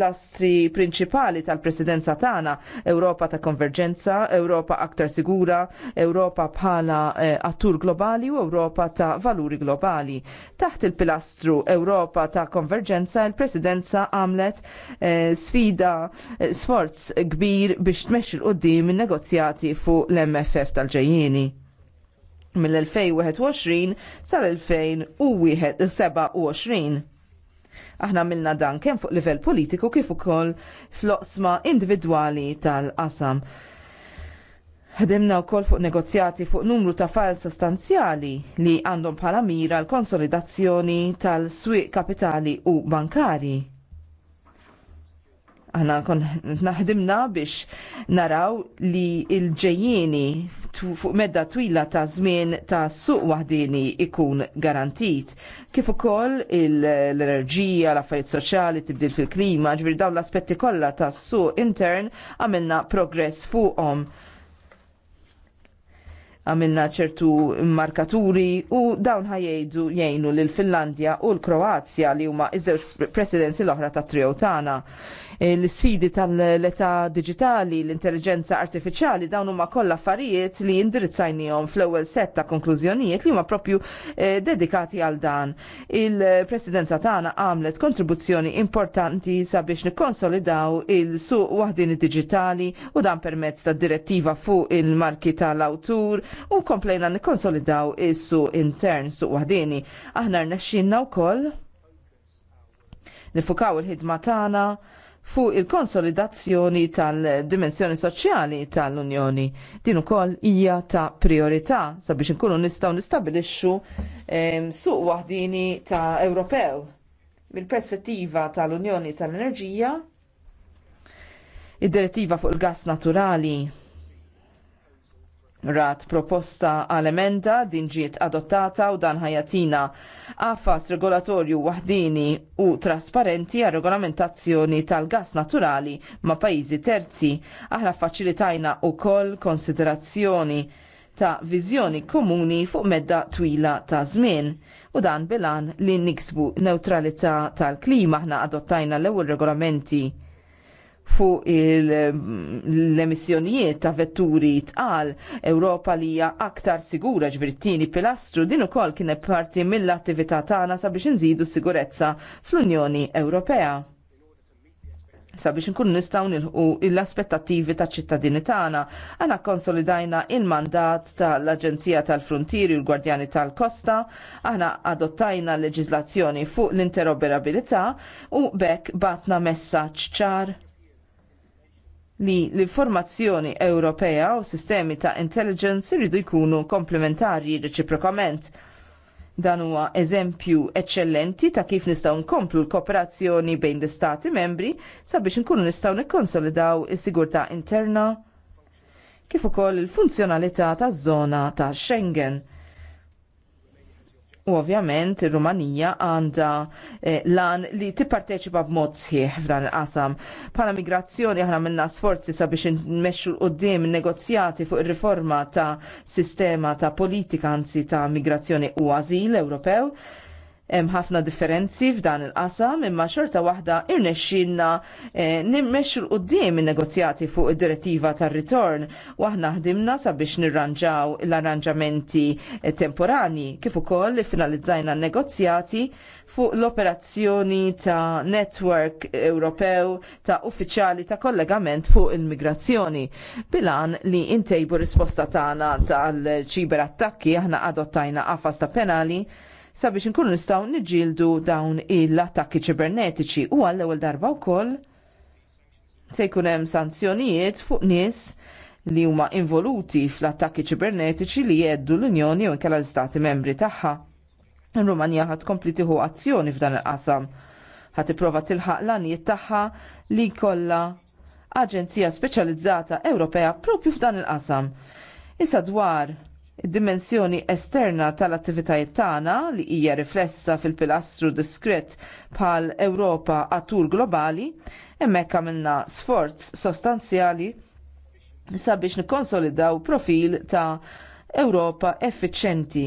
pilastri prinċipali tal-presidenza tagħna, Ewropa ta' konverġenza, Ewropa aktar sigura, Ewropa bħala eh, attur globali u Ewropa ta' valuri globali. Taħt il-pilastru Ewropa ta' konverġenza, il-presidenza għamlet eh, sfida eh, sforz kbir biex tmexxi l-qoddim il negozjati fuq l-MFF tal-ġejjieni mill-2021 sal-2027 Aħna milna dan kemm fuq livell politiku kif ukoll fl-oqsma individwali tal-qasam. Ħdimna wkoll fuq negozjati fuq numru ta' fajl sostanzjali li għandhom bħala mira l-konsolidazzjoni tal-swieq kapitali u bankari. Aħna kon naħdimna biex naraw li il ġejjini fuq medda twila ta' żmien ta' suq wahdini ikun garantit. Kif ukoll l-enerġija, l-affarijiet soċjali, tibdil fil-klima, ġbir dawn l-aspetti kollha ta' suq intern għamilna progress fuqhom għamilna ċertu markaturi u dawn ħajjgħidu jgħinu l Finlandja u l-Kroazja li huma iż-żewġ presidenzi l-oħra ta' triotana. tagħna l-sfidi tal-età digitali, l-intelligenza artificiali, dawn huma kollha affarijiet li indirizzajnihom fl-ewwel set ta' konklużjonijiet li huma propju eh, dedikati għal dan. Il-presidenza tagħna għamlet kontribuzzjoni importanti sabiex nikkonsolidaw il-suq waħdin digitali u dan permezz ta' direttiva fuq il-marki tal-awtur u komplejna nikkonsolidaw is-suq intern suq waħdini. Aħna rnexxinna wkoll nifukaw il-ħidma tagħna fuq il-konsolidazzjoni tal-dimensjoni soċjali tal-Unjoni. Din ukoll hija ta' priorità sabiex inkunu nistgħu nistabilixxu ehm, suq waħdini ta' Ewropew mill-perspettiva tal-Unjoni tal-Enerġija, id-direttiva fuq il-gas naturali rat proposta għal emenda din ġiet adottata u dan ħajatina għafas regolatorju waħdini u trasparenti għal regolamentazzjoni tal-gas naturali ma' pajizi terzi. Aħna faċilitajna u koll konsiderazzjoni ta' viżjoni komuni fuq medda twila ta' żmien u dan bilan li niksbu neutralità tal-klima aħna adottajna l-ewwel regolamenti fuq l-emissjonijiet ta' vetturi tqal Ewropa li hija aktar sigura ġvirtini pilastru din ukoll kienet parti mill-attività tagħna sabiex inżidu sigurezza fl-Unjoni Ewropea sabiex nkunu nistgħu nilħu l-aspettattivi taċ ċittadini tagħna. Għana konsolidajna il-mandat tal-Aġenzija tal-Frontieri u l-Gwardjani tal-Kosta, aħna adottajna l leġiżlazzjoni fuq l-interoperabilità u bekk batna messaġġ ċar li l-informazzjoni Ewropea u sistemi ta' intelligence iridu jkunu komplementari reċiprokament. Dan huwa eżempju eċċellenti ta' kif nistgħu nkomplu l-kooperazzjoni bejn l-istati membri sabiex nkunu nistgħu nikkonsolidaw is-sigurtà interna kif ukoll il-funzjonalità taż-żona ta' Schengen. U ovvjament ir-Rumanija għandha eh, lan li tipparteċipa b'mod sħiħ f'dan il-qasam. Bħala migrazzjoni aħna minna sforzi sabiex nmexxu qudiem negozjati fuq ir-riforma ta' sistema ta' politika anzi ta' migrazzjoni u għażil Ewropew hemm ħafna differenzi f'dan il-qasam imma xorta waħda irnexxielna eh, nimmexxu l-qudiem in-negozjati fuq id-direttiva tar-ritorn u aħna ħdimna sabiex nirranġaw l-arranġamenti eh, temporani kif ukoll finalizzajna negozjati fuq l-operazzjoni ta' Network Ewropew ta' uffiċjali ta' kollegament fuq il-migrazzjoni. Bilan li intejbu risposta tagħna tal-ċiber attakki aħna adottajna qafas ta' penali sabiex inkunu nistgħu niġġieldu dawn il-attakki ċibernetiċi u għall ewwel darba wkoll se jkun hemm sanzjonijiet fuq nies li huma involuti fl-attakki ċibernetiċi li jeddu l-Unjoni u kella l-Stati membri tagħha. rumanija ħad azzjoni f'dan il-qasam. Ħad tipprova tilħaq l-għanijiet tagħha li jkollha aġenzija speċjalizzata Ewropea propju f'dan il-qasam. Issa dwar dimensjoni esterna tal-attivitajiet tagħna li hija riflessa fil-pilastru diskret bħal Ewropa għatur globali, hemmhekk għamilna sforz sostanzjali sabiex nikkonsolidaw profil ta' Ewropa effiċenti.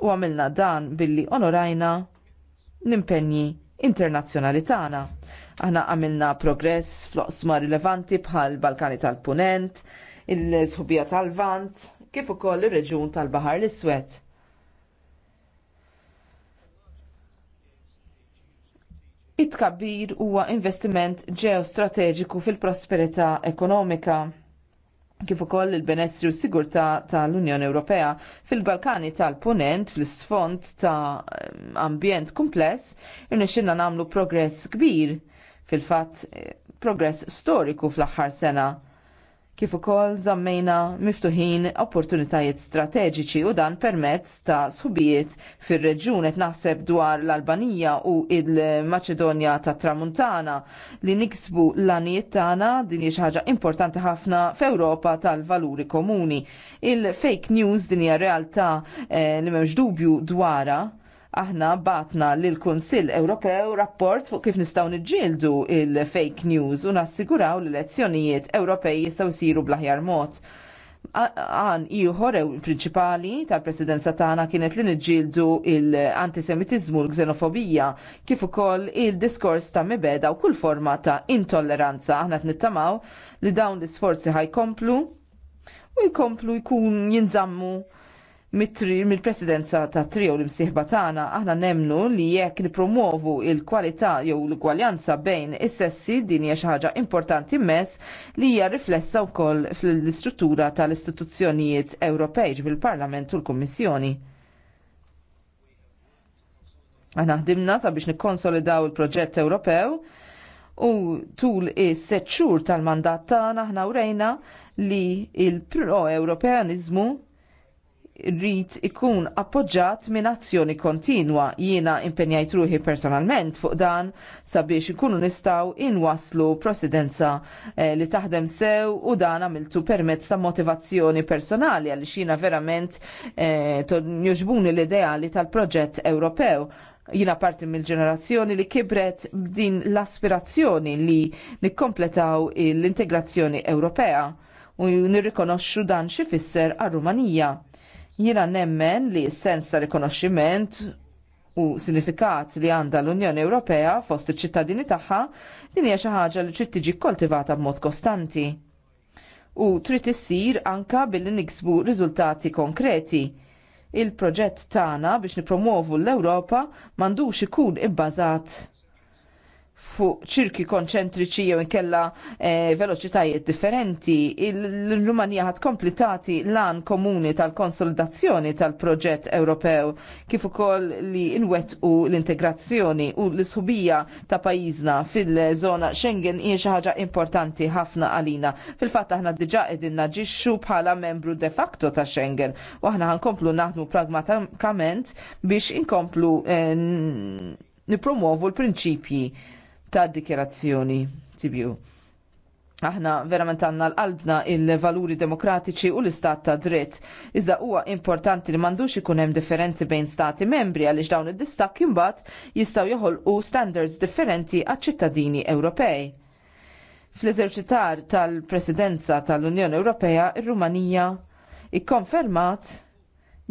U għamilna dan billi onorajna l-impenji internazzjonali tagħna. Aħna għamilna progress floqsma rilevanti bħal Balkani tal-Punent, il-Sħubija tal-Vant, kif ukoll ir-reġjun tal-Baħar l-Iswed. It-tkabbir huwa investiment ġeostrateġiku fil-prosperità ekonomika kif ukoll il-benessri u s-sigurtà tal-Unjoni Ewropea fil-Balkani tal-Punent fl-isfond ta' ambjent kumpless irnexxinna nagħmlu progress kbir fil-fatt eh, progress storiku fl-aħħar sena kif ukoll żammejna miftuħin opportunitajiet strateġiċi u dan permezz ta' subijiet fir-reġjun qed naħseb dwar l-Albanija u il-Maċedonja tat Tramuntana li niksbu l-għanijiet tagħna din hija xi ħaġa importanti ħafna f'Ewropa tal-valuri komuni. Il-fake news din hija realtà eh, li m'hemmx dubju dwarha aħna batna lil kunsill Ewropew rapport fuq kif nistgħu niġġieldu il-fake news u nassiguraw l-elezzjonijiet Ewropej jistgħu jsiru bl-aħjar mod għan iħor prinċipali tal-presidenza tagħna kienet li nġildu l-antisemitiżmu l-xenofobija kif ukoll il-diskors ta' mibeda u kull forma ta' intolleranza aħna nittamaw li dawn l-isforzi ħajkomplu u jkomplu jkun jinżammu mill-presidenza ta' trio l-imsiħba tagħna aħna nemnu li jekk nipromovu il-kwalità jew l ugwaljanza bejn is-sessi din hija xi ħaġa importanti mess li hija riflessa wkoll fl-istruttura tal-istituzzjonijiet Ewropej fil-Parlament u l-Kummissjoni. Aħna ħdimna sabiex nikkonsolidaw il-proġett Ewropew u tul is seċċur xhur tal-mandat tagħna aħna urejna li il-pro-Ewropeanizmu rrit ikun appoġġjat minn azzjoni kontinwa. Jiena impenjajt ruħi personalment fuq dan sabiex ikunu nistaw inwaslu presidenza eh, li taħdem sew u dan għamiltu permezz ta' motivazzjoni personali għal xina verament eh, juġbuni l-ideali tal-proġett Ewropew jina parti mill-ġenerazzjoni li kibret din l-aspirazzjoni li nikkompletaw l-integrazzjoni Ewropea u nirrikonoxxu dan xi fisser għar-Rumanija. Jiena nemmen li s-sens ta' rikonoxximent u sinifikat li għandha l-Unjoni Ewropea fost iċ-ċittadini tagħha din hija xi ħaġa li trid tiġi kkoltivata b'mod kostanti. U trid issir anke billi niksbu riżultati konkreti. Il-proġett tagħna biex nipromovu l-Ewropa m'għandux ikun ibbażat fuq ċirki konċentriċi jew inkella eh, veloċitajiet differenti, il-Rumanija ħad kompletati lan komuni tal-konsolidazzjoni tal-proġett Ewropew kif ukoll li inwet u l-integrazzjoni u l-isħubija ta' pajjiżna fil-żona Schengen hija xi ħaġa importanti ħafna għalina. Fil-fatt aħna diġà qegħdin naġixxu bħala membru de facto ta' Schengen u aħna ħankomplu naħdmu pragmatikament biex inkomplu eh, nipromovu l-prinċipji ta' dikjerazzjoni tibju. Aħna verament għanna l-qalbna il-valuri demokratiċi u l-istat ta' dritt. Iżda huwa importanti li mandux ikun hemm differenzi bejn stati membri għaliex dawn id-distak imbagħad jistgħu joħolqu standards differenti għaċ-ċittadini Ewropej. Fl-eżerċitar tal-Presidenza tal-Unjoni Ewropea, ir-Rumanija ikkonfermat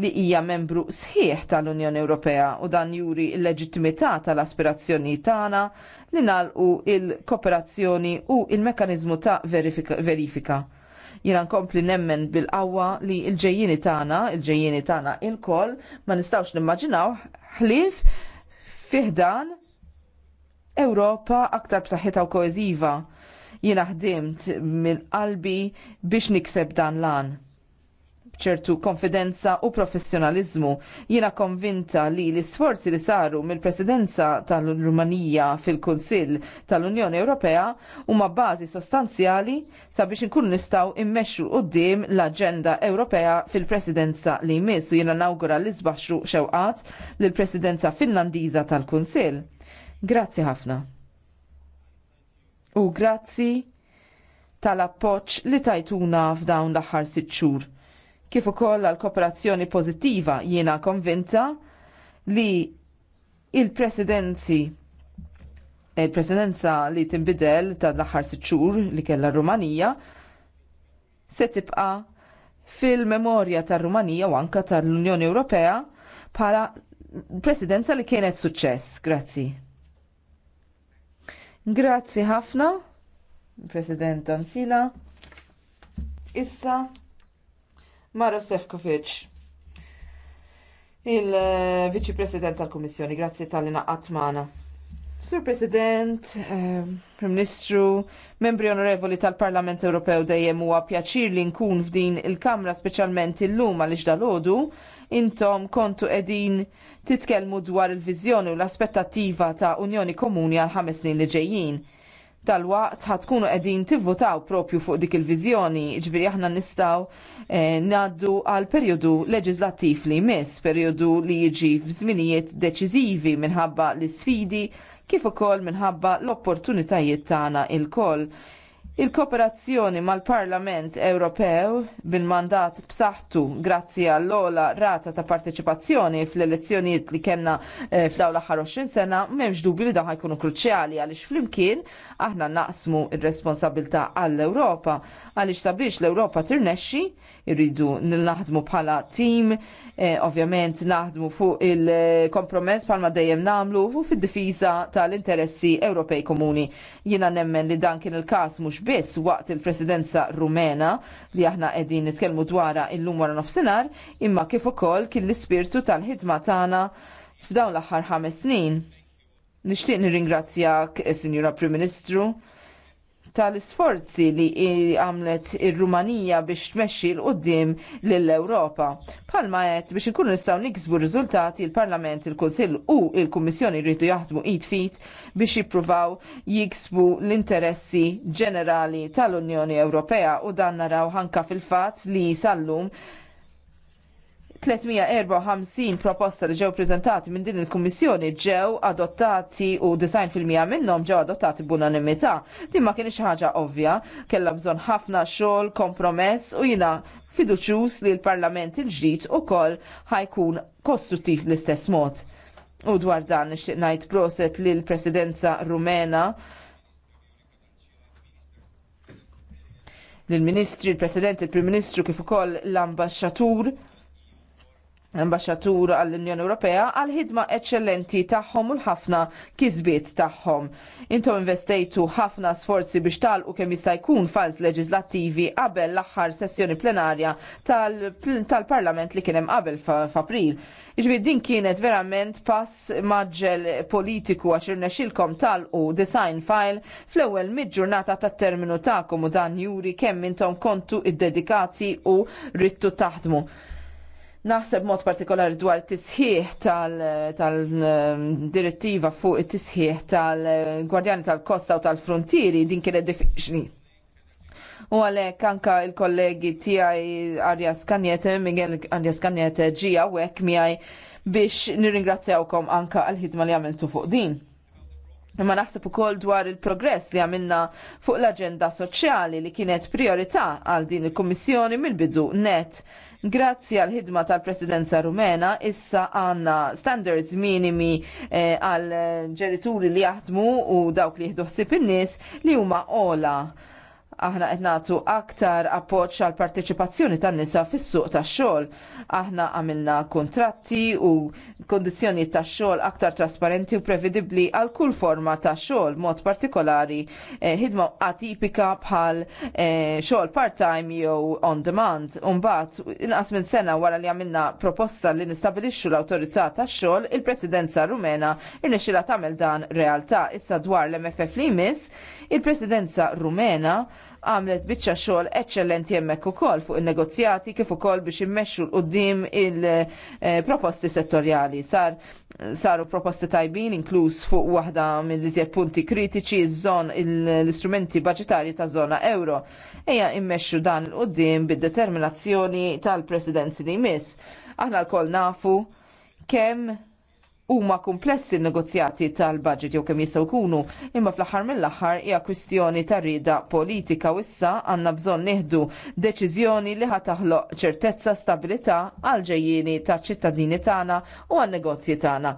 li hija membru sħiħ tal-Unjoni Ewropea u dan juri l-leġittimità tal-aspirazzjoni tagħna li nalqu il-kooperazzjoni u il-mekanizmu ta' verifika. Jina nkompli nemmen bil-qawwa li l-ġejjini tagħna, il-ġejjini tagħna il-koll ma nistgħux nimmaġinaw ħlief fiħdan Ewropa aktar b'saħħitha u koeżiva. Jiena ħdimt mill-qalbi biex nikseb dan lan ċertu konfidenza u professjonaliżmu. Jiena konvinta li l-isforzi li saru mill-Presidenza tal-Rumanija fil-Kunsill tal-Unjoni Ewropea huma bażi sostanzjali sabiex inkunu nistgħu immexxu quddiem l-Aġenda Ewropea fil-Presidenza li jmiss u jiena nawgura li żbaxxru xewqat lill-Presidenza Finlandiża tal-Kunsill. Grazzi ħafna. U grazzi tal-appoċ li tajtuna f'dawn l-aħħar sitt xhur kif ukoll għal kooperazzjoni pożittiva jiena konvinta li il-presidenzi il-presidenza li timbidel ta' l-aħħar sitt xhur li kellha Rumanija se tibqa' fil-memorja tar-Rumanija u anke tal-Unjoni Ewropea bħala presidenza li kienet suċċess. Grazzi. Grazzi ħafna, President Anzila. Issa Mara Sefkovic, il-Viċi eh, President tal-Kummissjoni, grazzi tal lina għatmana. magħna. Sur President, eh, Prim Ministru, membri onorevoli tal-Parlament Ewropew dejjem huwa pjaċir li nkun f'din il-Kamra speċjalment illum għaliex dalodu, intom kontu qegħdin titkellmu dwar il-viżjoni u l-aspettattiva ta' Unjoni Komuni għal ħames snin li ġejjin tal-waqt tkunu qegħdin tivvotaw propju fuq dik il-viżjoni, ġifieri aħna nistgħu eh, ngħaddu għal perjodu leġislattiv li jmiss, perjodu li jiġi f'żminijiet deċiżivi minħabba l-isfidi kif ukoll minħabba l-opportunitajiet tagħna lkoll. Il-kooperazzjoni mal-Parlament Ewropew bil-mandat b'saħħtu grazzi għall-ola rata ta' parteċipazzjoni fl-elezzjonijiet li kellna eh, fl-aw aħħar 20 sena m'hemmx dubju li dawn ħajkunu kruċjali għaliex flimkien Aħna naqsmu ir-responsabilità għall-Ewropa għaliex sabiex l-Ewropa tirnexxi, irridu naħdmu bħala tim, eh, ovvjament naħdmu fuq il-kompromess bħalma dejjem namlu u fid-difiża tal-interessi Ewropej komuni. Jiena nemmen li dan kien il-każ mhux biss waqt il-Presidenza Rumena li aħna qegħdin nitkellmu dwarha lum wara nofsinhar, imma kif ukoll kien l-ispirtu tal-ħidma tagħna f'dawn l-aħħar ħames snin. Nixtieq nirringrazzjak, eh, Sinjura Prim Ministru, tal-isforzi li għamlet ir-Rumanija biex tmexxi l qudiem lill-Ewropa. Palma għet biex inkunu nistgħu niksbu riżultati il-Parlament, il-Kunsill u il-Kummissjoni rritu jaħdmu id fit biex jippruvaw jiksbu l-interessi ġenerali tal-Unjoni Ewropea u dan naraw ħanka fil-fatt li sallum 354 proposta li ġew prezentati minn din il-Kummissjoni ġew adottati u 90% minnhom ġew adottati b'unanimità. Din ma kienx ħaġa ovvja, kellha bżonn ħafna xogħol, kompromess u jiena fiduċjuż li l-Parlament il-ġdid ukoll ħajkun kostruttiv l-istess mod. U dwar dan nixtieq ngħid proset lill presidenza Rumena lill ministri il-President, il-Prim Ministru kif ukoll l-Ambaxxatur ambasċatur għall-Unjoni Ewropea għal ħidma eċċellenti tagħhom u l-ħafna kisbiet tagħhom. Intom investejtu ħafna sforzi biex talqu kemm jista' jkun falz leġislattivi qabel l-aħħar sessjoni plenarja tal-Parlament li kien hemm qabel f'April. Iġbir din kienet verament pass maġġel politiku għax irnexilkom talqu design file fl-ewwel mid-ġurnata tat-terminu tagħkom u dan juri kemm intom kontu id-dedikati u rittu taħdmu. Naħseb mod partikolari dwar tisħiħ tal-direttiva tal ehm, fuq it-tisħiħ tal-Gwardjani tal-Kosta u tal-Frontieri din kienet diffiċli. U għalek anka il-kollegi tijaj Arjas Kanjete, Miguel Arjas Kanjete ġija u għek miħaj biex nirringrazzjawkom anka għal-ħidma li għamiltu fuq din. Imma naħseb ukoll dwar il-progress li għamilna fuq l-aġenda soċjali li kienet priorità għal din il-Kummissjoni mill-bidu net. Grazzi għal ħidma tal-Presidenza Rumena, issa għanna standards minimi eh, għal ġerituri li jaħdmu u dawk li jihdu in-nies li huma ola aħna qed nagħtu aktar appoġġ għal parteċipazzjoni tan-nisa fis-suq tax-xogħol. Aħna għamilna kuntratti u kondizzjoni tax-xogħol aktar trasparenti u prevedibbli għal kull forma ta' xogħol mod partikolari eh, ħidma eh, atipika bħal eh, xogħol part-time jew on demand. mbagħad, inqas minn sena wara li għamilna proposta li nistabilixxu l-awtorità tax-xogħol, il-Presidenza Rumena irnexxilha tagħmel dan realtà issa dwar l-MFF li miss. Il-Presidenza Rumena għamlet biċċa xogħol eċċellenti hemmhekk ukoll fuq in-negozjati kif ukoll biex immexxu l qudiem il-proposti settorjali. Sar saru proposti tajbin inkluż fuq waħda mill-iżjed punti kritiċi żon l-istrumenti budġetarji ta' żona euro. Ejja immexxu dan il qudiem bid-determinazzjoni tal-presidenzi li jmiss. Aħna lkoll nafu kemm huma komplessi n-negozjati tal-budget jew kemm jistgħu jkunu, imma fl-aħħar mill-aħħar hija kwistjoni ta' rieda politika u issa għandna bżonn nieħdu deċiżjoni li ħa taħloq ċertezza stabilità għal ġejjieni taċ-ċittadini tagħna u għan-negozji tagħna.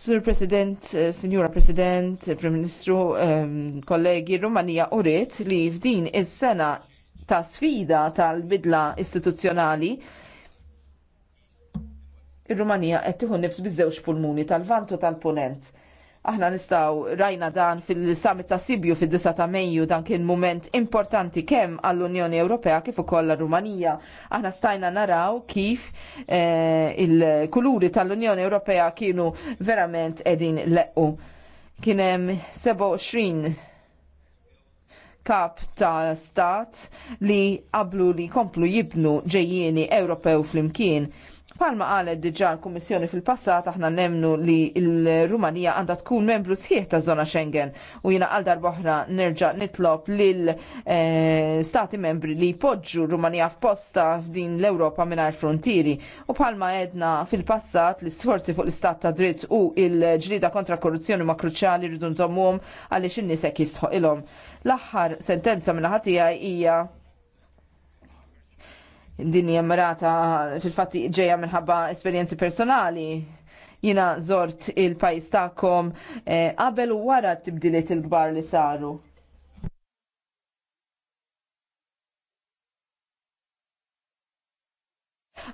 Sur President, eh, Signora President, Prim Ministru, ehm, kollegi, Rumanija uriet li f'din is-sena ta' sfida tal-bidla istituzzjonali ir-Rumanija qed tieħu nifs biż-żewġ pulmuni tal-vant u tal-punent. Aħna nistgħu rajna dan fil-summit ta' Sibju fid-9 ta' Mejju dan kien mument importanti kemm għall-Unjoni Ewropea kif ukoll rumanija Aħna stajna naraw kif eh, il-kuluri tal-Unjoni Ewropea kienu verament qegħdin leqqu. Kien hemm 27 kap ta' stat li qablu li komplu jibnu ġejjieni Ewropew flimkien Palma qalet diġà l-Kummissjoni fil-passat aħna nemnu li l-Rumanija għandha tkun membru sħiħ ta' żona Schengen u jiena għal darboħra nerġa' nitlob lil eh, stati membri li jpoġġu Rumanija f'posta f'din l-Ewropa mingħajr frontieri. U palma edna fil-passat l sforzi fuq l-istat ta' dritt u l-ġlida kontra korruzzjoni ma' kruċjali rridu nżommuhom għaliex in-nies hekk jistħoq L-aħħar sentenza minna ħatija hija dinni hija fil-fatti ġejja minħabba esperjenzi personali jina zort il-pajis tagħkom eh, qabel u wara t-tibdiliet il-kbar li saru.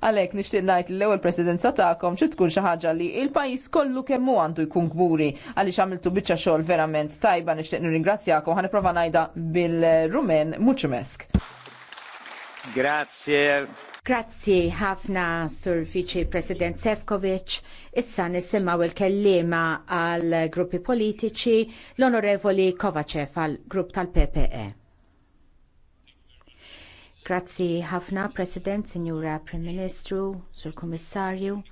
Għalek nishtiq najt l ewwel presidenza ta'kom xi tkun xi ħaġa li il-pajjiż kollu kemm hu għandu jkun kburi għaliex għamiltu biċċa xogħol verament tajba nixtieq nirringrazzjakom prova ngħidha bil-Rumen Muċmesk. Grazie. Grazie ħafna Sur Vice President Sefcovic. Issa nisimaw il-kellima għal gruppi politiċi l-Onorevoli Kovacev għal grupp tal-PPE. Grazzi ħafna President, Signora Prim Ministru, Sur Kommissarju.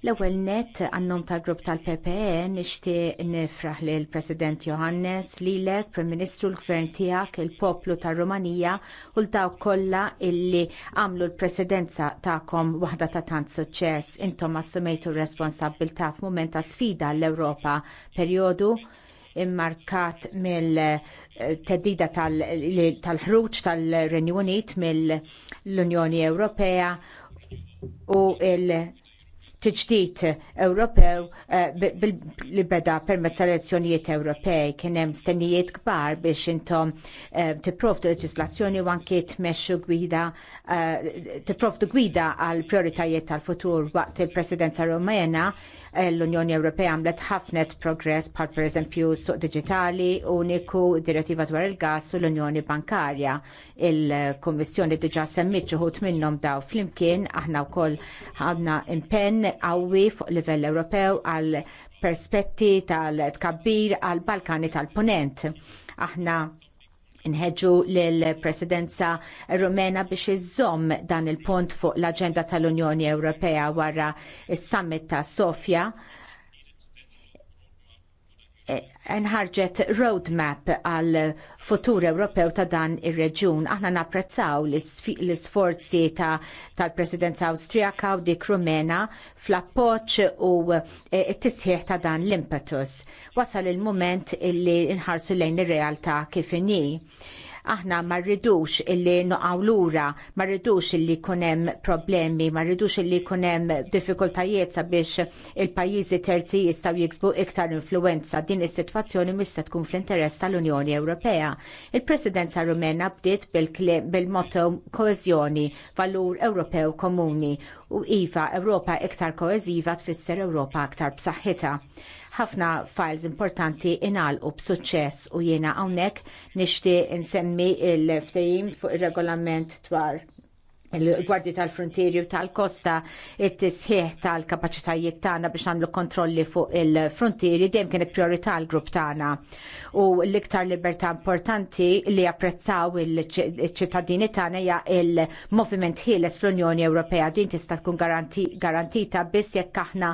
L-ewwel net għannom tal-grupp tal-PPE nixtieq nifraħ l President Johannes lilek, Prim Ministru l-Gvern tiegħek, il-poplu tar-Rumanija u l-dawk kollha illi għamlu l-presidenza tagħkom waħda ta' tant suċċess. Intom assumejtu r-responsabbiltà f'mument ta' sfida l-Ewropa perjodu immarkat mill-teddida eh, tal-ħruġ tal-Renju Unit mill-Unjoni Ewropea u l tiġdid Ewropew eh, li beda permezz tal-elezzjonijiet Ewropej kien hemm stennijiet kbar biex intom eh, tipprovdu leġislazzjoni u anke tmexxu gwida eh, tipprovdu gwida għal prioritajiet tal-futur waqt il-Presidenza Rumena l-Unjoni Ewropea għamlet ħafna progress bħal pereżempju suq diġitali uniku direttiva dwar il-gas u l-Unjoni Bankarja. Il-Kummissjoni diġà semmit ġuħut minnhom daw flimkien aħna wkoll għandna impenn qawwi fuq livell Ewropew għal perspetti tal-tkabbir għal Balkani tal-Ponent. Aħna nħedġu l-presidenza rumena biex iżomm dan il-punt fuq l-agenda tal-Unjoni Ewropea wara is summit ta' Sofja nħarġet roadmap għal futur Ewropew ta' dan ir-reġjun. Aħna napprezzaw l-isforzi tal-Presidenza Awstrijaka u dik Rumena fl-appoġġ u e, t-tisħiħ ta' dan l-impetus. Wasal il mument illi nħarsu lejn ir-realtà kif inhi Aħna ma rridux illi noqgħu lura, ma rridux illi jkun hemm problemi, ma rridux illi jkun hemm diffikultajiet sabiex il-pajjiżi terzi jistgħu jiksbu iktar influwenza. Din is-sitwazzjoni mhix se tkun fl-interess tal-Unjoni Ewropea. Il-Presidenza Rumena bdiet bil-motto koeżjoni, valur Ewropew komuni u iva Ewropa iktar koeżiva tfisser Ewropa aktar b'saħħitha ħafna files importanti inalqu b'suċċess u jiena hawnhekk nixtieq insemmi l-ftehim fuq ir-regolament dwar il-Gwardji tal-Frontieri u tal-Kosta it-tisħiħ tal-kapaċitajiet tagħna biex nagħmlu kontrolli fuq il-frontieri dejjem kienet priorità l grupp tagħna. U l-iktar libertà importanti li apprezzaw il-ċittadini tagħna hija il-moviment ħieles fl-Unjoni Ewropea din tista' tkun garantita biss jekk aħna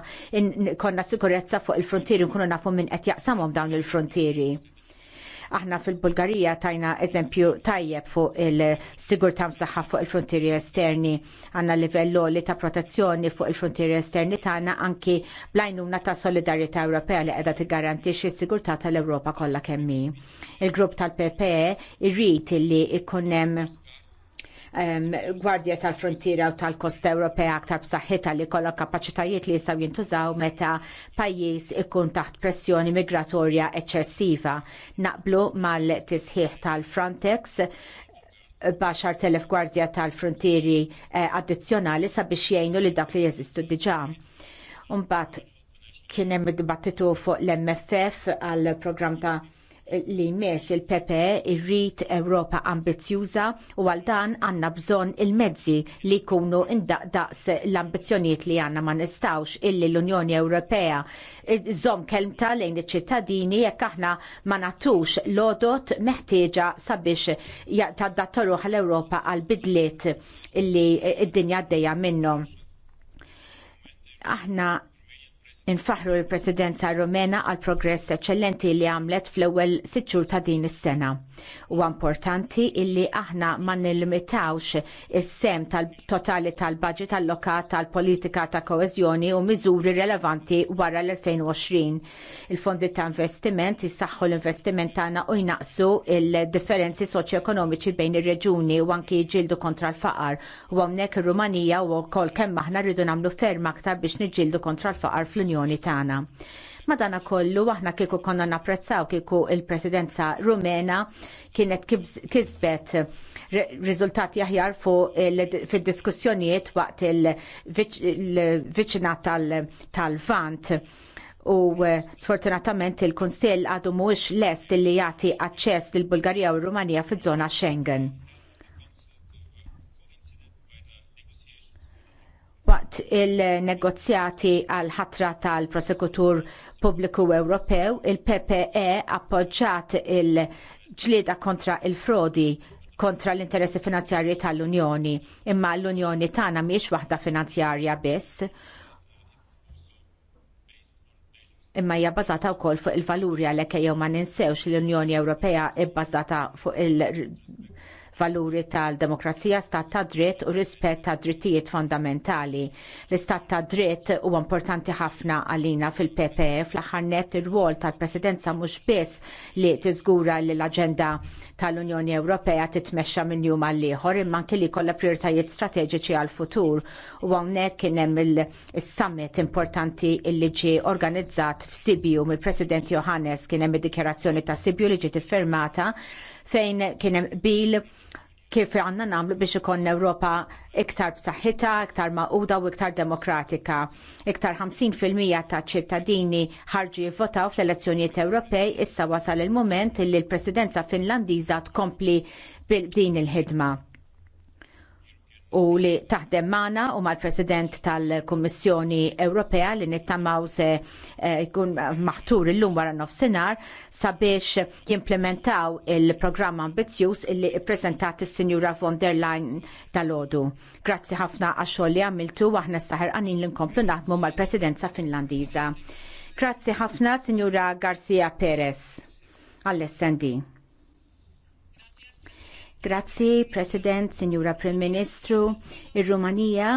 konna sikurezza fuq il-frontieri nkunu nafu minn qed jaqsamhom dawn il-frontieri Aħna fil-Bulgarija tajna eżempju tajjeb fuq il-sigurtà msaħħa fuq il-frontieri esterni. Għanna livell li ta' protezzjoni fuq il-frontieri esterni tagħna anki blajnuna ta' solidarjetà Ewropea li qiegħda tiggarantixxi s-sigurtà tal-Ewropa kollha kemm Il-grupp tal-PPE irrid li ikun hemm gwardja tal-frontiera u tal-kosta Ewropea aktar b'saħħitha li kollha kapaċitajiet li jistgħu jintużaw meta pajjiż ikun taħt pressjoni migratorja eċċessiva. Naqblu mal-tisħiħ tal-Frontex baxar artelef gwardja tal-frontieri eh, addizzjonali sabiex jgħinu li dak li jeżistu diġà. Umbat kien hemm dibattitu fuq l-MFF għal programm ta' li jmiss il-Pepe irrid Ewropa ambizjuża u għal dan għandna bżonn il-mezzi li jkunu indaqdaqs l-ambizzjonijiet li għandna ma nistawx illi l-Unjoni Ewropea Zom kelmta lejn iċ-ċittadini jekk aħna ma nagħtux lodot meħtieġa sabiex taddattaruħ l-Ewropa għal bidliet illi id-dinja għaddejja minnhom. Aħna Infaħru l-Presidenza Rumena għal progress eċċellenti li għamlet fl-ewwel sitt xhur ta' din is-sena. Huwa importanti illi aħna ma nillimitawx is-sem tal-totali tal-budget allokat tal-politika ta' koeżjoni u miżuri relevanti wara l-2020. Il-fondi ta' investiment jissaħħu l-investiment tagħna u jnaqsu il-differenzi soċjoekonomiċi bejn ir-reġuni u anki jġildu kontra l-faqar u hawnhekk ir-Rumanija u wkoll kemm aħna rridu nagħmlu ferm aktar biex niġġieldu kontra l-faqar fl-Unjoni fl-opinjoni tagħna. Madana kollu, aħna kieku konna napprezzaw kieku il-presidenza rumena kienet kizbet riżultati aħjar fil-diskussjonijiet waqt il viċina tal-vant. U eh, sfortunatament il-Kunsill għadu mhuwiex lest li jagħti aċċess lill bulgarija u r-Rumanija fiż-żona Schengen. waqt il-negozjati għal ħatra tal-prosekutur pubbliku Ewropew, il-PPE appoġġat il-ġlieda kontra il-frodi kontra l-interessi finanzjarji tal-Unjoni, imma l-Unjoni tagħna mhijiex waħda finanzjarja biss. Imma hija bbażata wkoll fuq il-valuri għalhekk jew ma ninsewx l-Unjoni Ewropea bbażata fuq il valuri tal-demokrazija, stat ta' dritt u rispett ta' drittijiet fondamentali. L-istat ta' dritt huwa importanti ħafna għalina fil-PPE fl-aħħar nett ir-rwol tal-presidenza mhux biss li tiżgura li l-aġenda tal-Unjoni Ewropea titmexxa minn jum għal ieħor imma anke li jkollha prijoritajiet strateġiċi għall-futur u hawnhekk kien hemm is summit importanti li ġie organizzat f'Sibiu mill-President Johannes kien hemm id-dikjerazzjoni ta' Sibiu li ġiet iffirmata fejn kienem bil kif għanna namlu biex ikon Ewropa iktar b'saħħitha, iktar maquda u iktar demokratika. Iktar 50% ta' ċittadini ħarġi jivvotaw fl-elezzjonijiet Ewropej issa wasal il-moment li l-Presidenza Finlandiża tkompli bil-din il-ħidma u li taħdem Mana u mal-President tal-Kummissjoni Ewropea li nittamaw se eh, jkun maħtur illum wara nofsinhar sabiex jimplementaw il-programm ambizzjuż illi ppreżentat is-Sinjura von der Leyen tal-ODU. Grazzi ħafna għaxol xogħol li għamiltu aħna s-saħar għanin li nkomplu naħdmu mal-Presidenza Finlandiża. Grazzi ħafna, Sinjura Garcia Perez. għall snd Grazzi, President, Signora Prim Ministru, ir-Rumanija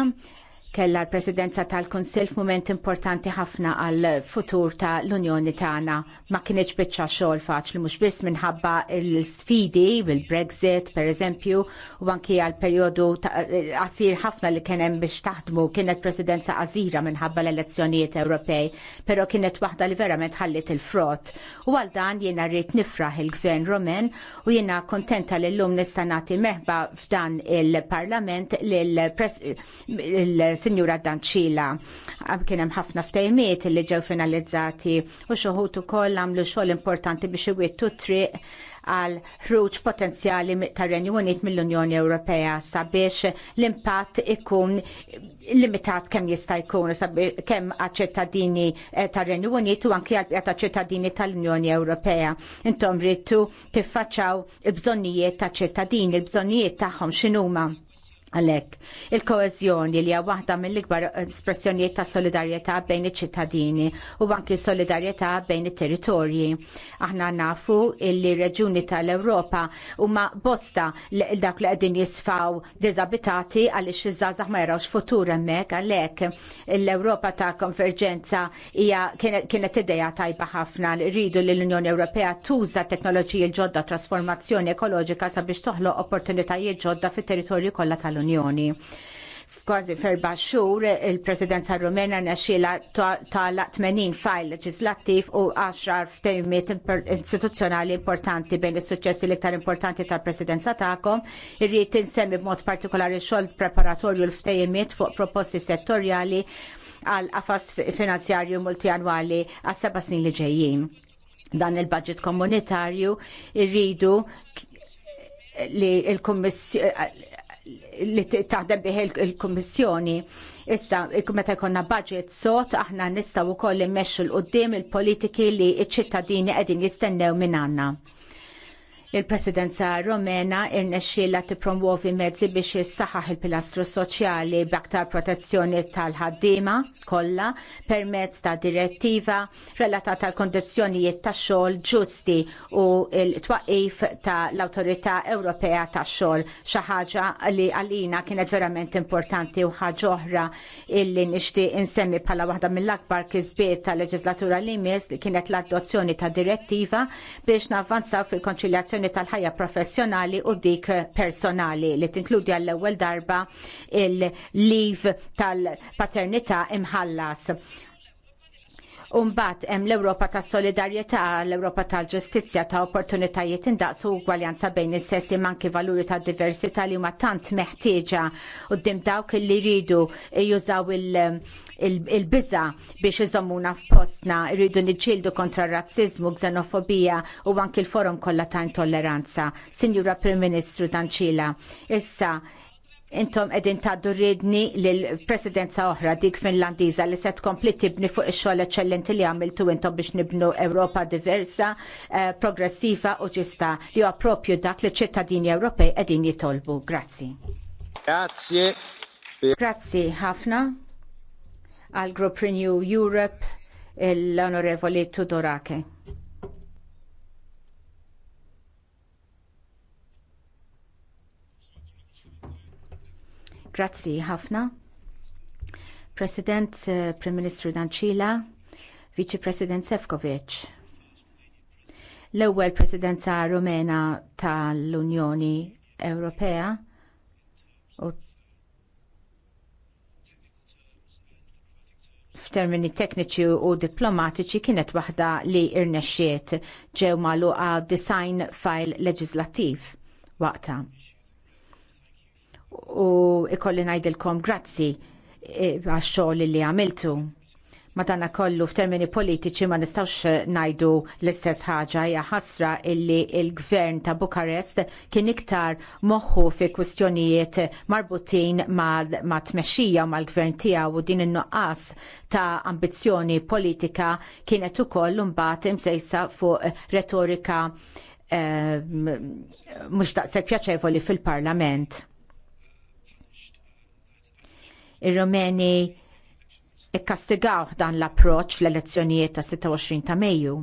kella l-presidenza tal-Konsil f'mument importanti ħafna għal futur ta' l-Unjoni tagħna. Ma kienx biċċa xogħol faċli mhux biss minħabba l-sfidi bil-Brexit pereżempju u anki għal perjodu qasir ħafna li kien hemm biex taħdmu kienet presidenza għażira minħabba l-elezzjonijiet Ewropej, però kienet waħda li verament ħallit il-frott. U għal dan jiena rrid nifraħ il-Gvern Rumen u jiena kontenta li llum nista' nagħti merħba f'dan il-Parlament lil Sinjura Danċila. Kien hemm ħafna ftejmiet li ġew finalizzati u xoħut ukoll għamlu xogħol importanti biex iwittu triq għal ħruġ potenzjali tar-Renju Unit mill-Unjoni Ewropea sabiex l-impatt ikun limitat kemm jista' jkun kemm għaċ-ċittadini eh, tar-Renju Unit u anki għal ta' ċittadini tal-Unjoni Ewropea. Intom rittu tiffaċċaw il-bżonnijiet ta' ċittadini, il-bżonnijiet tagħhom x'inhuma Għalek, il-koezjoni li waħda mill-ikbar espressjonijiet ta' solidarjetà bejn iċ-ċittadini u anki solidarjetà bejn it-territorji. Aħna nafu illi reġuni tal-Ewropa huma bosta l dak li qegħdin jisfaw diżabitati għaliex iż-żgħażagħ ma jarawx futur hemmhekk għalek, l-Ewropa ta' konverġenza hija kienet ideja tajba ħafna li rridu li l-Unjoni Ewropea tuża teknoloġiji ġodda trasformazzjoni ekoloġika sabiex toħloq opportunitajiet ġodda fit-territorju kollha tal-Unjoni tal-Unjoni kważi ferba xhur il-presidenza rumena naxxila tala 80 fajl leġislattiv u 10 ftejmiet istituzzjonali importanti bejn is-suċċessi l-iktar importanti tal-presidenza tagħkom. Irrid insemmi b'mod partikolari xogħol preparatorju l-ftejmiet fuq proposti settorjali għal qafas finanzjarju multianwali għas seba' snin li ġejjin. Dan il-budget komunitarju irridu li il-Kommissjoni li taħdem bih il-Kommissjoni. Issa, meta jkollna budget sot, aħna nistgħu wkoll immexxu l-qoddim il-politiki li iċ ċittadini qegħdin jistennew minn għandna. Il-Presidenza Romena irnexxiela tippromwovi mezzi biex issaħħaħ il-pilastru soċjali b'aktar protezzjoni tal-ħaddiema kollha permezz ta' direttiva relatata għal kondizzjonijiet tax-xogħol ġusti u l-twaqqif ta' l-Awtorità Ewropea tax-xogħol xi ħaġa li għalina kienet verament importanti u ħaġa oħra illi nixtieq insemmi bħala waħda mill-akbar kisbiet tal-leġislatura li mis li kienet l-adozzjoni ta' direttiva biex navvanzaw fil-konċiljazzjoni kombinazzjoni tal-ħajja professjonali u dik personali li tinkludi għall-ewwel darba il leave tal-paternità imħallas. Umbat hemm l-Ewropa ta' solidarjetà, l-Ewropa tal-ġustizzja ta' opportunitajiet indaqsu gwaljanza bejn is-sessi manki valuri ta' diversità li huma tant meħtieġa quddiem dawk li jridu jużaw il- il-biża biex iżommuna f'postna rridu niġġieldu kontra r-razziżmu, xenofobija u anki l-forum kollha ta' intolleranza. Sinjura Prim Ministru Danċila, issa intom edin taddu ridni l-presidenza oħra dik finlandiza li set kompli tibni fuq ix-xogħol eċċellenti li għamiltu intom biex nibnu Ewropa diversa, eh, progressiva u ġista li huwa propju dak li ċittadini Ewropej qegħdin jitolbu. Grazzi. Grazie. Grazzi ħafna għal Group Renew Europe l-Onorevoli Tudorake. Grazzi ħafna. President eh, Prim Ministru Danċila, Vice President Sefkovic. L-ewwel Presidenza Rumena tal-Unjoni Ewropea f'termini tekniċi u diplomatiċi kienet waħda li irnexxiet ġew magħluqa design file leġislattiv waqta. U ikolli ngħidilkom grazzi eh, għax-xogħol li għamiltu. Madana kollu f'termini politiċi ma nistawx eh, najdu l-istess ħaġa hija ħasra illi il-gvern ta' Bukarest kien iktar moħħu fi kwistjonijiet marbutin ma' tmexxija mal-gvern tiegħu u din in-nuqqas ta' ambizzjoni politika kienet ukoll mbagħad imsejsa fuq eh, retorika eh, mhux daqshekk pjaċevoli fil-Parlament. Ir-Rumeni ikkastigaw dan l-approċ fl-elezzjonijiet ta' 26 ta' Mejju.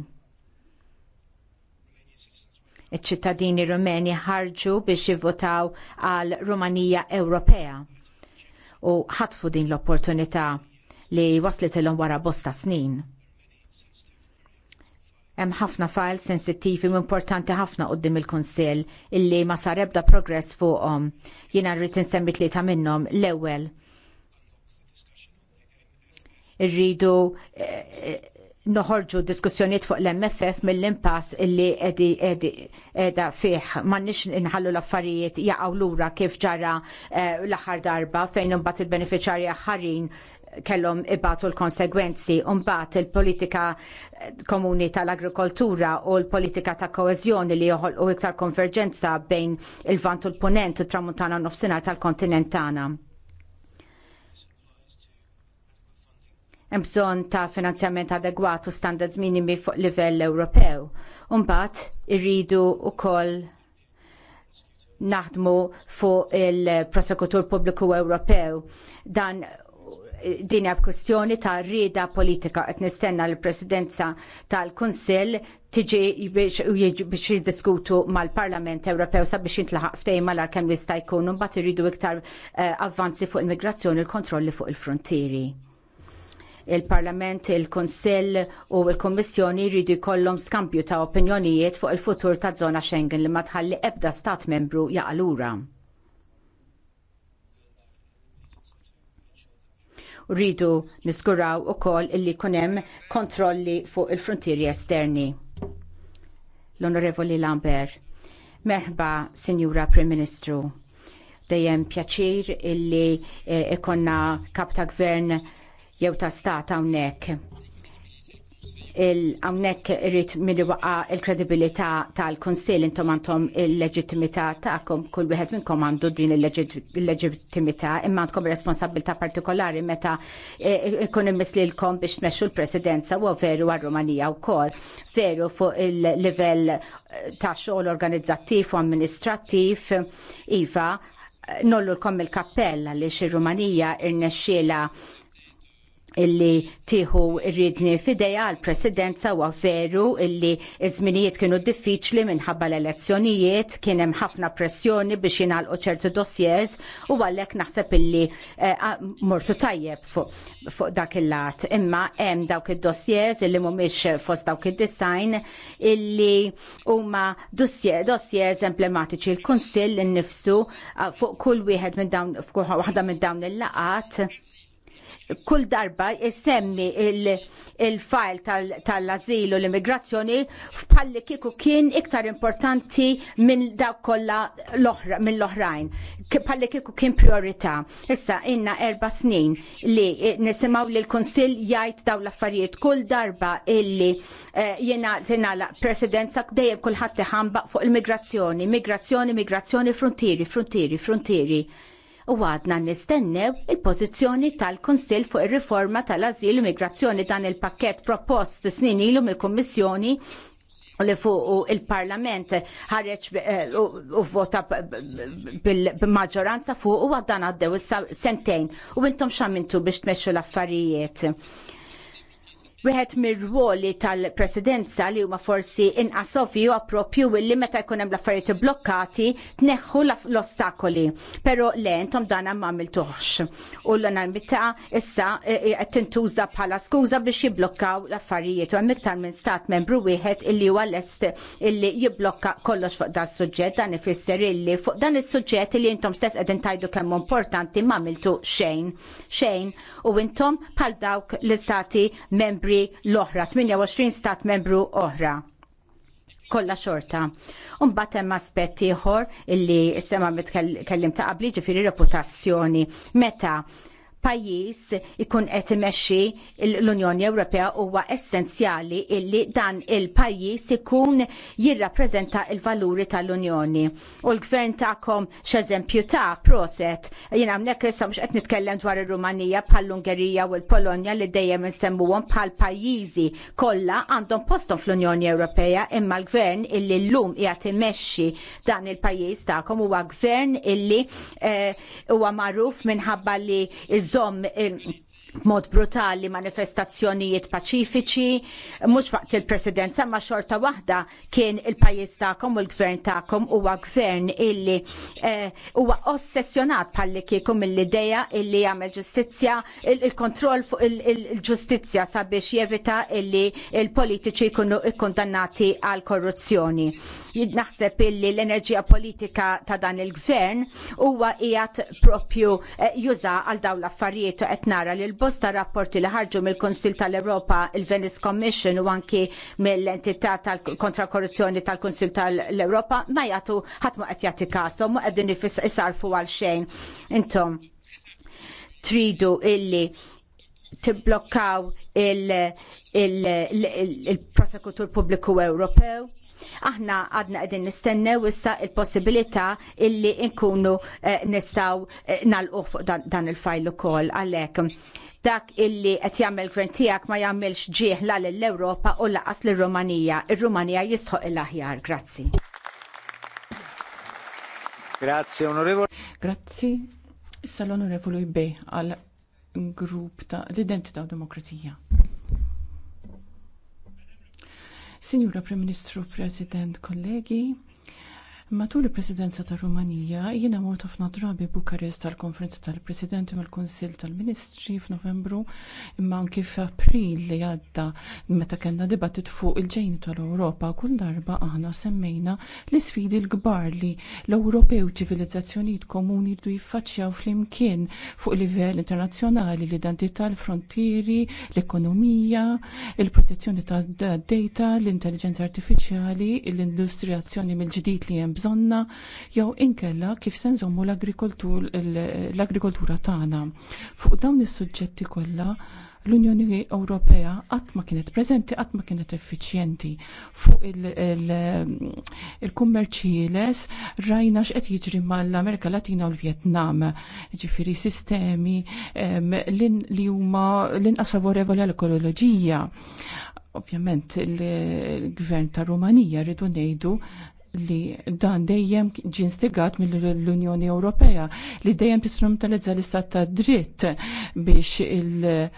Iċ-ċittadini Rumeni ħarġu biex jivvotaw għal Rumanija Ewropea u ħatfu din l-opportunità li waslet wara bosta snin. Hemm ħafna files sensittivi u importanti ħafna qudiem il-Kunsill illi ma sar ebda progress fuqhom. Jiena rrid insemmi tlieta minnhom l-ewwel irridu eh, eh, noħorġu diskussjoniet fuq l-MFF mill-impass illi edi edha fih mannix inħallu l-affarijiet jaqaw lura kif ġara eh, l-aħħar darba fejn imbagħad il beneficjari aħarin kellhom ibatu l-konsegwenzi u mbagħad il-politika komuni tal-agrikoltura u l-politika ta' koeżjoni li joħolqu iktar konverġenza bejn il-vant u l-punent u tramuntana u nofsinhar tal-kontinent tagħna Hemm bżonn ta' finanzjament adegwat u standards minimi fuq livell Ewropew. Imbagħad irridu wkoll naħdmu fuq il-prosekutur pubbliku Ewropew. Dan din hija kwestjoni ta' rieda politika qed nistenna l-Presidenza tal-Kunsill tiġi biex jiddiskutu mal-Parlament Ewropew sabiex jintlaħaq ftehim mal kemm jista' jkun imbagħad iridu iktar eh, avvanzi fuq il-migrazzjoni l-kontrolli fuq il-frontieri il-Parlament, il kunsill u l-Kommissjoni jridu jkollhom skambju ta' opinjonijiet fuq il-futur ta' żona Schengen li ma tħalli ebda stat membru jaqalura. Rridu niskuraw ukoll illi jkun hemm kontrolli fuq il-frontieri esterni. L-Onorevoli Lambert. Merħba, Sinjura Prim Ministru dejjem pjaċir illi eh, ikonna kap ta' gvern jew ta' stat hawnhekk għamnek irrit mill waqa il-kredibilità tal-Konsil intom għandhom il-leġittimità ta'kom kull wieħed minnkom għandu din il-leġittimità imma għandkom responsabilità partikolari meta e, ikun imislilkom biex tmexxu l-presidenza u veru għar rumanija wkoll veru fuq il-livell e, ta' xogħol organizzattiv u amministrattiv iva nollu l-kom il-kappella li xir-Rumanija irnexxiela illi tieħu rridni fideja għal presidenza u veru illi izminijiet żminijiet kienu diffiċli minħabba l-elezzjonijiet kien hemm ħafna pressjoni biex jingħalqu ċertu dossiers u għalhekk naħseb illi eh, mortu tajjeb fuq dak il-lat. Imma hemm dawk id-dossiers illi mhumiex fost dawk id-design illi huma dossiers emblematiċi l-Kunsill innifsu eh, fuq kull wieħed minn dawn fuq waħda minn dawn il-laqat kull darba jsemmi il-fajl il file il tal azil u l-immigrazzjoni f'palli kieku kien iktar importanti minn dawk kollha mill oħrajn Palli kiku kien priorità. Issa inna erba snin li nisimgħu li l-Kunsill jgħid dawn l-affarijiet kull darba illi eh, jena tina la presidenza dejjem kulħadd iħambaq fuq il-migrazzjoni, migrazzjoni, migrazzjoni, frontieri, frontieri, frontieri u għadna nistennew il-pożizzjoni tal-Kunsill fuq ir-riforma tal-Ażil u Migrazzjoni dan il-pakkett propost snin ilu mill-Kummissjoni li fuq il-Parlament ħareġ eh, u vota bil-maġġoranza fuq u għaddan għaddew sentejn u intom xammintu biex tmexxu l-affarijiet. Wieħed mir-ruoli tal-presidenza li huma forsi inqas ovvju appropju illi meta jkun hemm l-affarijiet blokkati tneħħu l-ostakoli. Però le intom dan ma għamiltuħx. U l-anarmità issa e, e, qed tintuża bħala skuża biex jibblokkaw l-affarijiet u hemm iktar minn stat membru wieħed illi huwa lest illi jibblokka kollox fuq dan suġġett dan ifisser illi fuq dan is-suġġett li intom stess qegħdin tajdu kemm importanti ma għamiltu xejn. Xejn u intom bħal dawk l-istati membru membri l-oħra, 28 stat membru oħra kolla xorta. Un hemm aspett ieħor illi s-sema kellim ta' qabli ġifieri reputazzjoni. Meta pajjiż ikun qed imexxi l-Unjoni Ewropea huwa essenzjali illi dan il-pajjiż ikun jirrappreżenta l-valuri tal-Unjoni. U l-gvern tagħkom x'eżempju ta' proset. Jien hawnhekk issa mhux qed nitkellem dwar ir-Rumanija bħall-Ungerija u l-Polonja li dejjem insemmuhom bħal pajjiżi kollha għandhom posthom fl-Unjoni Ewropea imma l-gvern illi llum qiegħed imexxi dan il-pajjiż tagħkom huwa gvern illi eh, huwa magħruf minħabba li iż iżomm mod brutali manifestazzjonijiet paċifiċi, mhux waqt il-presidenza ma xorta waħda kien il-pajis tagħkom u l-gvern tagħkom huwa gvern illi eh, huwa ossessjonat palli kikum mill-ideja illi jagħmel ġustizzja il-kontroll fuq il-ġustizzja sabiex jevita illi il-politiċi jkunu ikkondannati għal korruzzjoni naħseb illi l-enerġija politika ta' dan il-gvern huwa qiegħed propju eh, juża għal dawn l-affarijiet qed nara li l-bosta rapporti li ħarġu mill kunsill tal-Ewropa, il-Venice Commission u anki mill-entità tal-kontra korruzzjoni tal-Kunsil tal-Ewropa ma jagħtu ħadd ma qed jagħti kasom u qegħdin isarfu għal xejn. Intom tridu illi tibblokkaw il-prosekutur il, il, il, il pubbliku Ewropew Aħna għadna qegħdin nistennew issa il-possibilità illi nkunu eh, nistgħu eh, nalqu fuq dan il-fajl ukoll għalhekk dak illi qed jagħmel gvern tiegħek ma jagħmilx ġieħ la lill-Ewropa u laqas lir-Rumanija. Ir-Rumanija jistħoq il-aħjar. Grazzi. Grazzi onorevole. Grazzi. Issa l-onorevoli Bej għal grupp ta' l-identità u demokrazija. Signora Prem Ministru, President, kollegi, Matul il-Presidenza ta' Rumanija, jiena mort ħafna drabi Bukarest tal-Konferenza tal-Presidenti mal kunsill tal-Ministri f'Novembru, imma anki f'April li għadda meta kellna dibattit fuq il-ġejn tal-Ewropa, kull darba aħna semmejna l isfidi l-kbar li l-Ewropew ċivilizzazzjonijiet komuni jdu jiffaċċjaw flimkien fuq livell internazzjonali l-identità, l-frontieri, l-ekonomija, il-protezzjoni tad-data, l-intelligenza artifiċjali, l-industriazzjoni mill-ġdid li hemm bżonna jew inkella kif se nżommu l-agrikoltura tagħna. Fuq dawn is-suġġetti kollha l-Unjoni Ewropea qatt ma kienet preżenti, qatt ma kienet effiċjenti fuq il-kummerċ rajna x'qed jiġri mal-Amerika Latina u l-Vjetnam, ġifieri sistemi li huma l-inqas favorevoli għall-ekoloġija. Ovvjament il-gvern ta' Rumanija rridu ngħidu li dan dejjem ġin stigat mill-Unjoni Ewropea li dejjem tistrumentalizza l-istat ta' dritt biex il-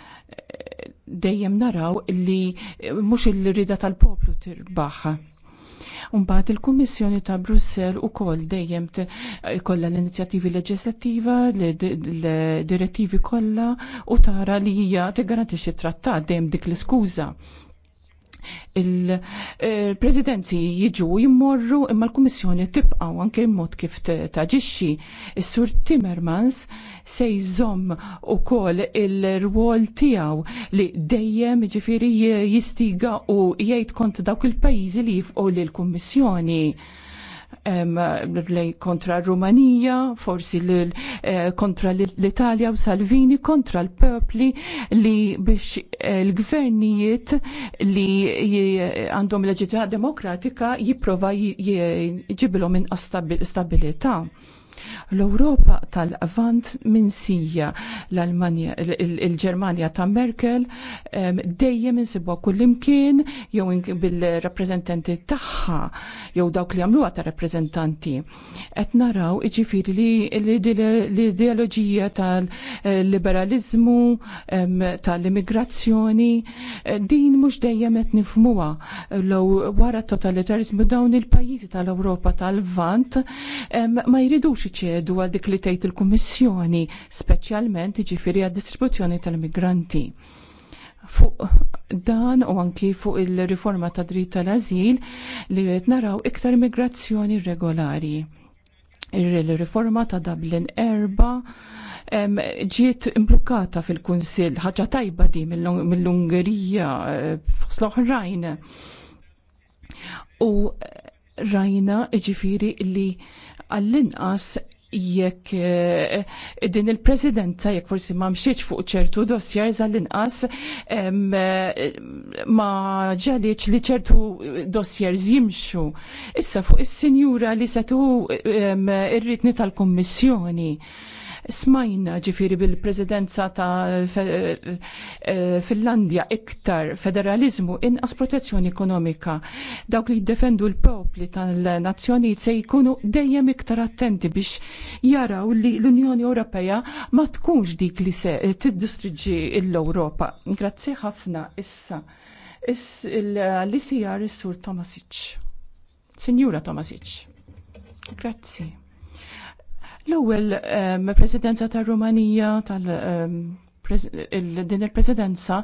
dejjem naraw li mhux il-rida tal-poplu tirbaħ. Umbat il-Kummissjoni ta' Brussel u dejjem kolla l-inizjativi leġislattiva, l-direttivi kolla u tara li hija t trattat dejjem dik l-iskuża il-prezidenzi jiġu jimmorru imma l-Kummissjoni tibqaw anke mod kif taġixxi. Is-Sur Timmermans se jżomm ukoll il-rwol tiegħu li dejjem jiġifieri jistiga u jgħid kont dawk il-pajjiżi li jifqu lill-Kummissjoni lej kontra Rumanija, forsi eh, kontra l-Italja u Salvini, kontra l-pöpli li biex eh, l-gvernijiet li għandhom leġitimità demokratika jipprova jġibilhom minn stabilità. L-Europa tal avant minsija l-Germania ta' Merkel dejjem insibwa kullimkien jew bil-rappresentanti tagħha jew dawk li għamluha ta' rappresentanti. Qed naraw iġifieri li l-ideoloġija tal-liberalizmu tal-immigrazzjoni din mhux dejjem qed nifhmuha law wara totalitarizmu dawn il-pajjiżi tal-Ewropa tal-Vant ma jridux ċiċedu għal dik li tgħid il-Kummissjoni, speċjalment jiġifieri għad-distribuzzjoni tal-migranti. Fuq dan u anki fuq il-riforma ta' dritt tal-azil li qed naraw iktar migrazzjoni regolari il-riforma ta' Dublin erba ġiet imblukata fil-Kunsill, ħaġa tajba di mill-Ungerija eh, fost oħrajn U rajna ġifiri li għall-inqas jekk eh, din il-presidenza jekk forsi ma mxieċ fuq ċertu dossier għall-inqas eh, ma ġalieċ li ċertu dossier jimxu. Issa fuq is-sinjura li setu irritni tal-kommissjoni. Smajna ġifiri bil-prezidenza ta' eh, Finlandja iktar federalizmu inqas protezzjoni ekonomika. Dawk li jiddefendu l-popli tal-nazzjoni se jkunu dejjem iktar attenti biex jaraw li l-Unjoni Ewropea ma tkunx dik li se eh, tiddistriġġi l-Ewropa. Grazzi ħafna issa. Is, l-ICR is-sur Tomasic. Signora Tomasic. Grazzi. L-ewwel eh, presidenza tar-Rumanija tal- ehm, din il-presidenza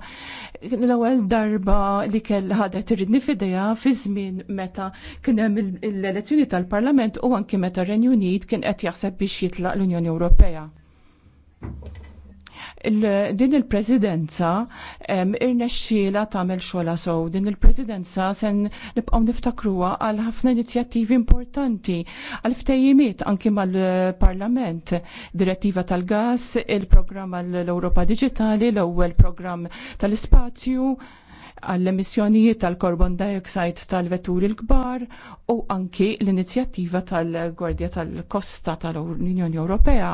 l-ewwel darba li kell ħadet irridni f'idea fi żmien meta kien hemm l-elezzjoni tal-Parlament u anki meta r-Renju Unit kien qed jaħseb biex jitlaq l-Unjoni Ewropea din il-presidenza irnexxiela tagħmel xogħla sew. Din il-presidenza se nibqgħu niftakruha għal ħafna inizjattivi importanti għal ftejjimiet anki mal-Parlament, direttiva tal-gas, il-programm għall-Ewropa Diġitali, l-ewwel programm tal-ispazju, għall-emissjonijiet tal-carbon dioxide tal-vetturi l-kbar u anki l-inizjattiva tal-Gwardja tal-Kosta tal-Unjoni Ewropea.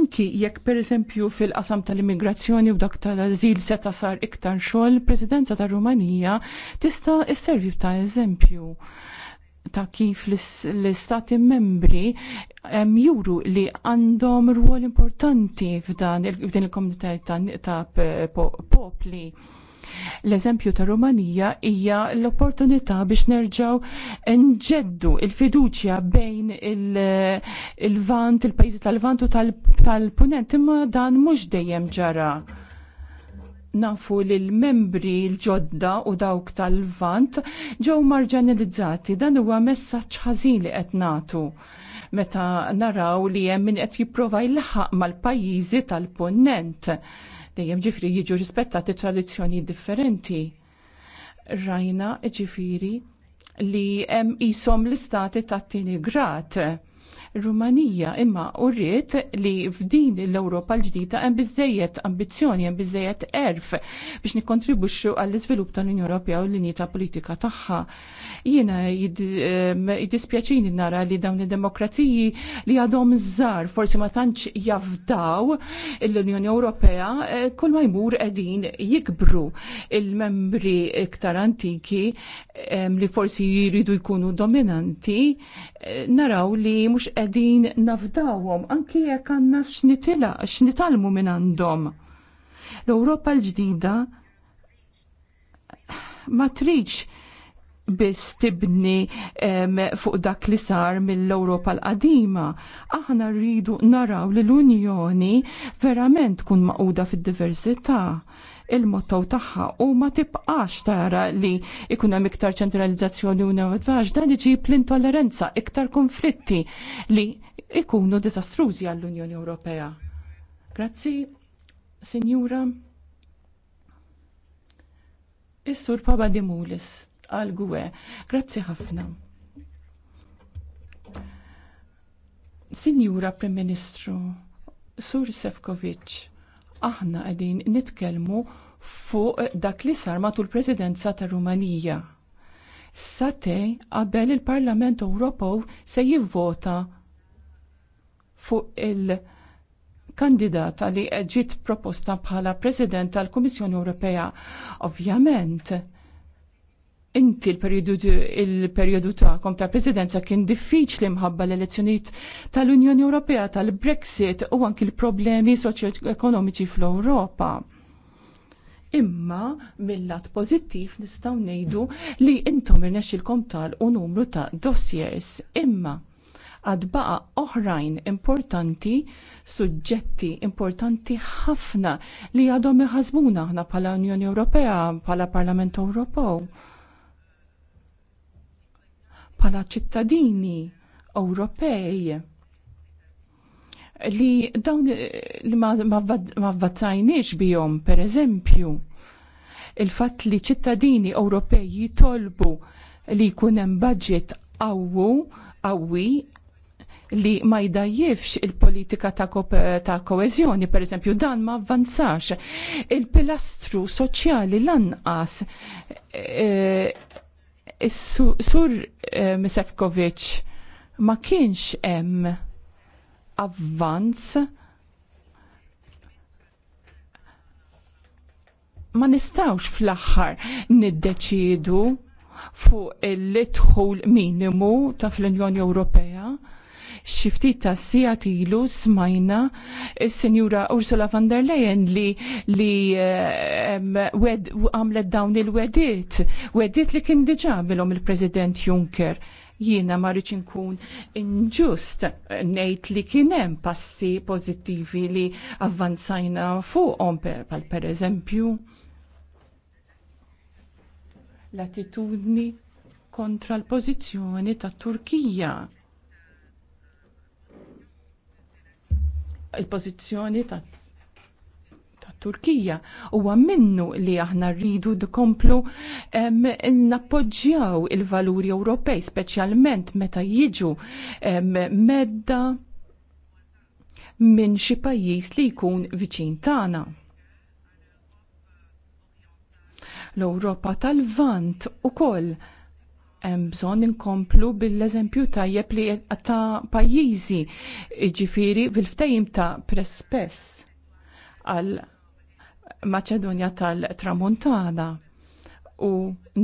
Anki jekk pereżempju fil-qasam tal-immigrazzjoni u dak tal-azil se tasar iktar xogħol, Presidenza tar-Rumanija tista' isservi ta' eżempju ta' kif l-istati membri juru li għandhom rwol importanti f'dan il-komunità ta' popli. Po L-eżempju ta' Rumanija hija l-opportunità biex nerġaw nġeddu il-fiduċja bejn il-vant, il-pajjiżi tal-vant u tal-punent imma dan mhux dejjem ġara nafu li l-membri l-ġodda u dawk tal-vant ġew marġanalizzati dan huwa messaġġ ħażin li qed nagħtu meta naraw li hemm min qed jipprova jlaħaq mal-pajjiżi tal-ponent dejjem ġifri jiġu rispettati tradizzjoni differenti. Rajna ġifiri li hemm isom l-istati tat-tieni grat Rumanija imma urriet li f'din l-Ewropa l-ġdida hemm biżejjed ambizzjoni, hemm biżejjed erf biex nikkontribwixxu għall-iżvilupp tal-Unjoni Ewropea u l-linji ta' politika tagħha. Jiena ehm, jiddispjaċini nara li dawn id-demokraziji li għadhom żgħar forsi ma tantx jafdaw l-Unjoni Ewropea eh, kull ma jmur qegħdin jikbru il-membri iktar antiki ehm, li forsi jridu jkunu dominanti eh, naraw li mhux qegħdin nafdawhom anki jekk għandna x'nitilha, x'nitalmu minn għandhom. L-Ewropa l-ġdida ma tridx biss tibni um, fuq dak li sar mill-Ewropa l-qadima. Aħna rridu naraw li l-Unjoni verament tkun maquda fid-diversità il-mottow tagħha u ma tibqax tara li ikun hemm iktar ċentralizzazzjoni u nevadvax dan iġib l-intolleranza iktar konflitti li ikunu diżastrużi għall-Unjoni Ewropea. Grazzi, Sinjura. Is-Sur Papa Dimulis għal gwe. Grazzi ħafna. Sinjura Prim Ministru, Sur Sefkovic, aħna qegħdin nitkellmu fuq dak li sar matul presidenza tar Rumanija. Sate qabel il-Parlament Ewropew se jivvota fuq il-kandidata li ġiet proposta bħala President tal-Kummissjoni Ewropea. Ovvjament, inti l-periodu ta'kom ta' presidenza kien diffiċli mħabba l-elezzjoniet tal-Unjoni Ewropea, tal-Brexit u anki l-problemi soċjo-ekonomiċi fl-Ewropa. Imma mill-lat pozittiv nistaw nejdu li intom il-kom tal u numru ta' dossiers. Imma għad baqa oħrajn importanti, suġġetti importanti ħafna li għadhom iħazbuna ħna bħala Unjoni Ewropea, bħala Parlament Ewropew bħala ċittadini Ewropej li dawn li ma vvazzajniex bihom, per eżempju, il-fatt li ċittadini Ewropej jitolbu li jkun hemm budget qawwu qawwi li ma jdajjifx il-politika ta', ko ta koezjoni, per eżempju, dan ma avvanzax. Il-pilastru soċjali lanqas e, sur Eh, Misefkovic ma kienx hemm avvanz ma nistawx fl-aħħar niddeċidu fuq l-idħul minimu ta' fl-Unjoni Ewropea Xiftit ta' sija ilu smajna il-Senjura Ursula von der Leyen li li eh, għamlet dawn il-wedit, wedit li kien diġa bilom il-President Juncker jiena ma rridx inkun inġust ngħid li kien hemm passi pożittivi li avvanzajna fuqhom pal pereżempju l-attitudni kontra l-pożizzjoni tat Turkija il-pożizzjoni ta' Turkija huwa minnu li aħna rridu dkomplu nappoġġjaw il-valuri Ewropej, speċjalment meta jiġu medda minn xi pajjiż li jkun viċin tagħna. L-Ewropa tal-Vant ukoll bżon inkomplu bil-eżempju tajjeb li ta' pajjiżi ġifiri fil-ftajim ta' prespess għal Maċedonja tal-Tramuntana u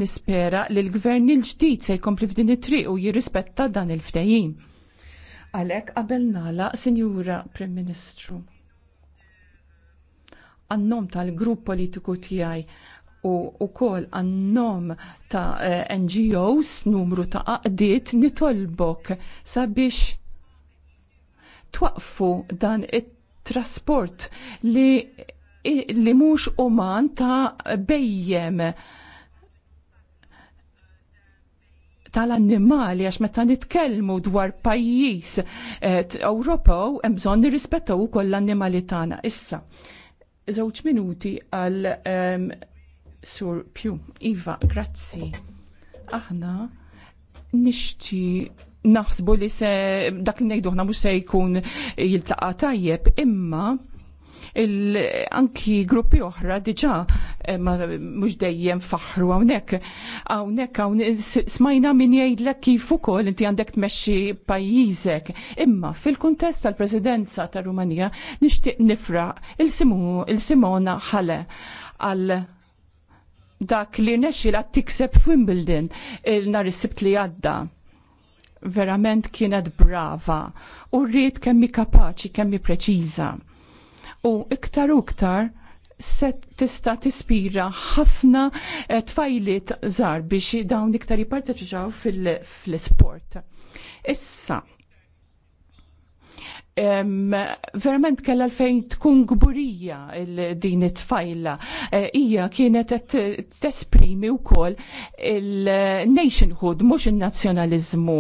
nispera li l-gvern il-ġdid se jkompli f'din it-triq u jirrispetta dan il-ftajim. Għalek qabel nala, Sinjura Prim Ministru. għannom tal-grupp politiku tiegħi u u kol għannom ta' eh, NGOs numru ta' qaqdiet nitolbok sabiex twaqfu dan it-trasport li li mhux uman ta' bejjem tal-annimali għax meta nitkellmu dwar pajjiż eh, Ewropew hemm bżonn nirrispettaw ukoll l-annimali tagħna. Issa, żewġ minuti għal Sur Pju, Iva, grazzi. Aħna nixti naħsbu li se dak li ngħidu mhux se jkun jiltaqa' tajjeb, imma anki gruppi oħra diġa eh, mhux dejjem faħru hawnhekk. Hawnhekk hawn smajna min jgħidlek kif ukoll inti għandek tmexxi pajjiżek. Imma fil-kuntest tal-Presidenza tar-Rumanija nixtieq nifra il-Simona ħale għal dak li nexxila tikseb Wimbledon il-nar is-sibt li għadda. Verament kienet brava u rrit kemmi kapaċi, kemmi preċiża. U iktar u iktar se tista tispira ħafna eh, tfajlit zar biex dawn iktar jiparteċaw fil-sport. Issa, verament kella l-fejn tkun gburija din it-tfajla. E, Ija kienet qed tesprimi wkoll il-nationhood, mhux in-nazzjonaliżmu.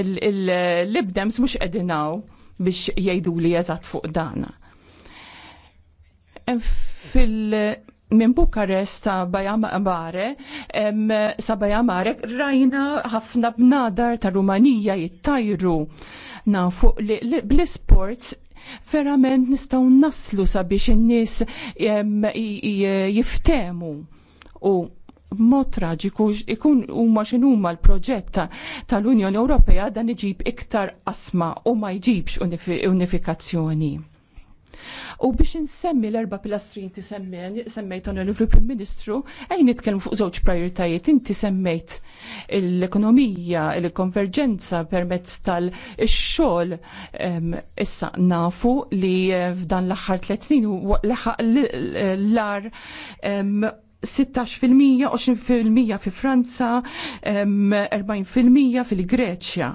Il-libdems mux edinaw biex jajdu li eżatt fuq dana. Fil- minn Bukarest sa Bajamare, sa Bajamare rajna ħafna bnadar ta' Rumanija jittajru. na' fuq li bl-sports verament nistaw naslu sabiex in-nies jiftemu u mod traġiku ikun huma x'inhuma l-proġett tal-Unjoni Ewropea dan iġib iktar asma u ma jġibx unifikazzjoni. U biex nsemmi l-erba pilastri inti għonu l-Prim Ministru, għajn nitkellmu fuq żewġ prioritajiet. Inti semmejt l-ekonomija, l-konverġenza permezz tal-xogħol. Issa nafu li eh, f'dan l-aħħar tliet snin u l-ar 16%, 20% fi Franza, 40% fil-Greċja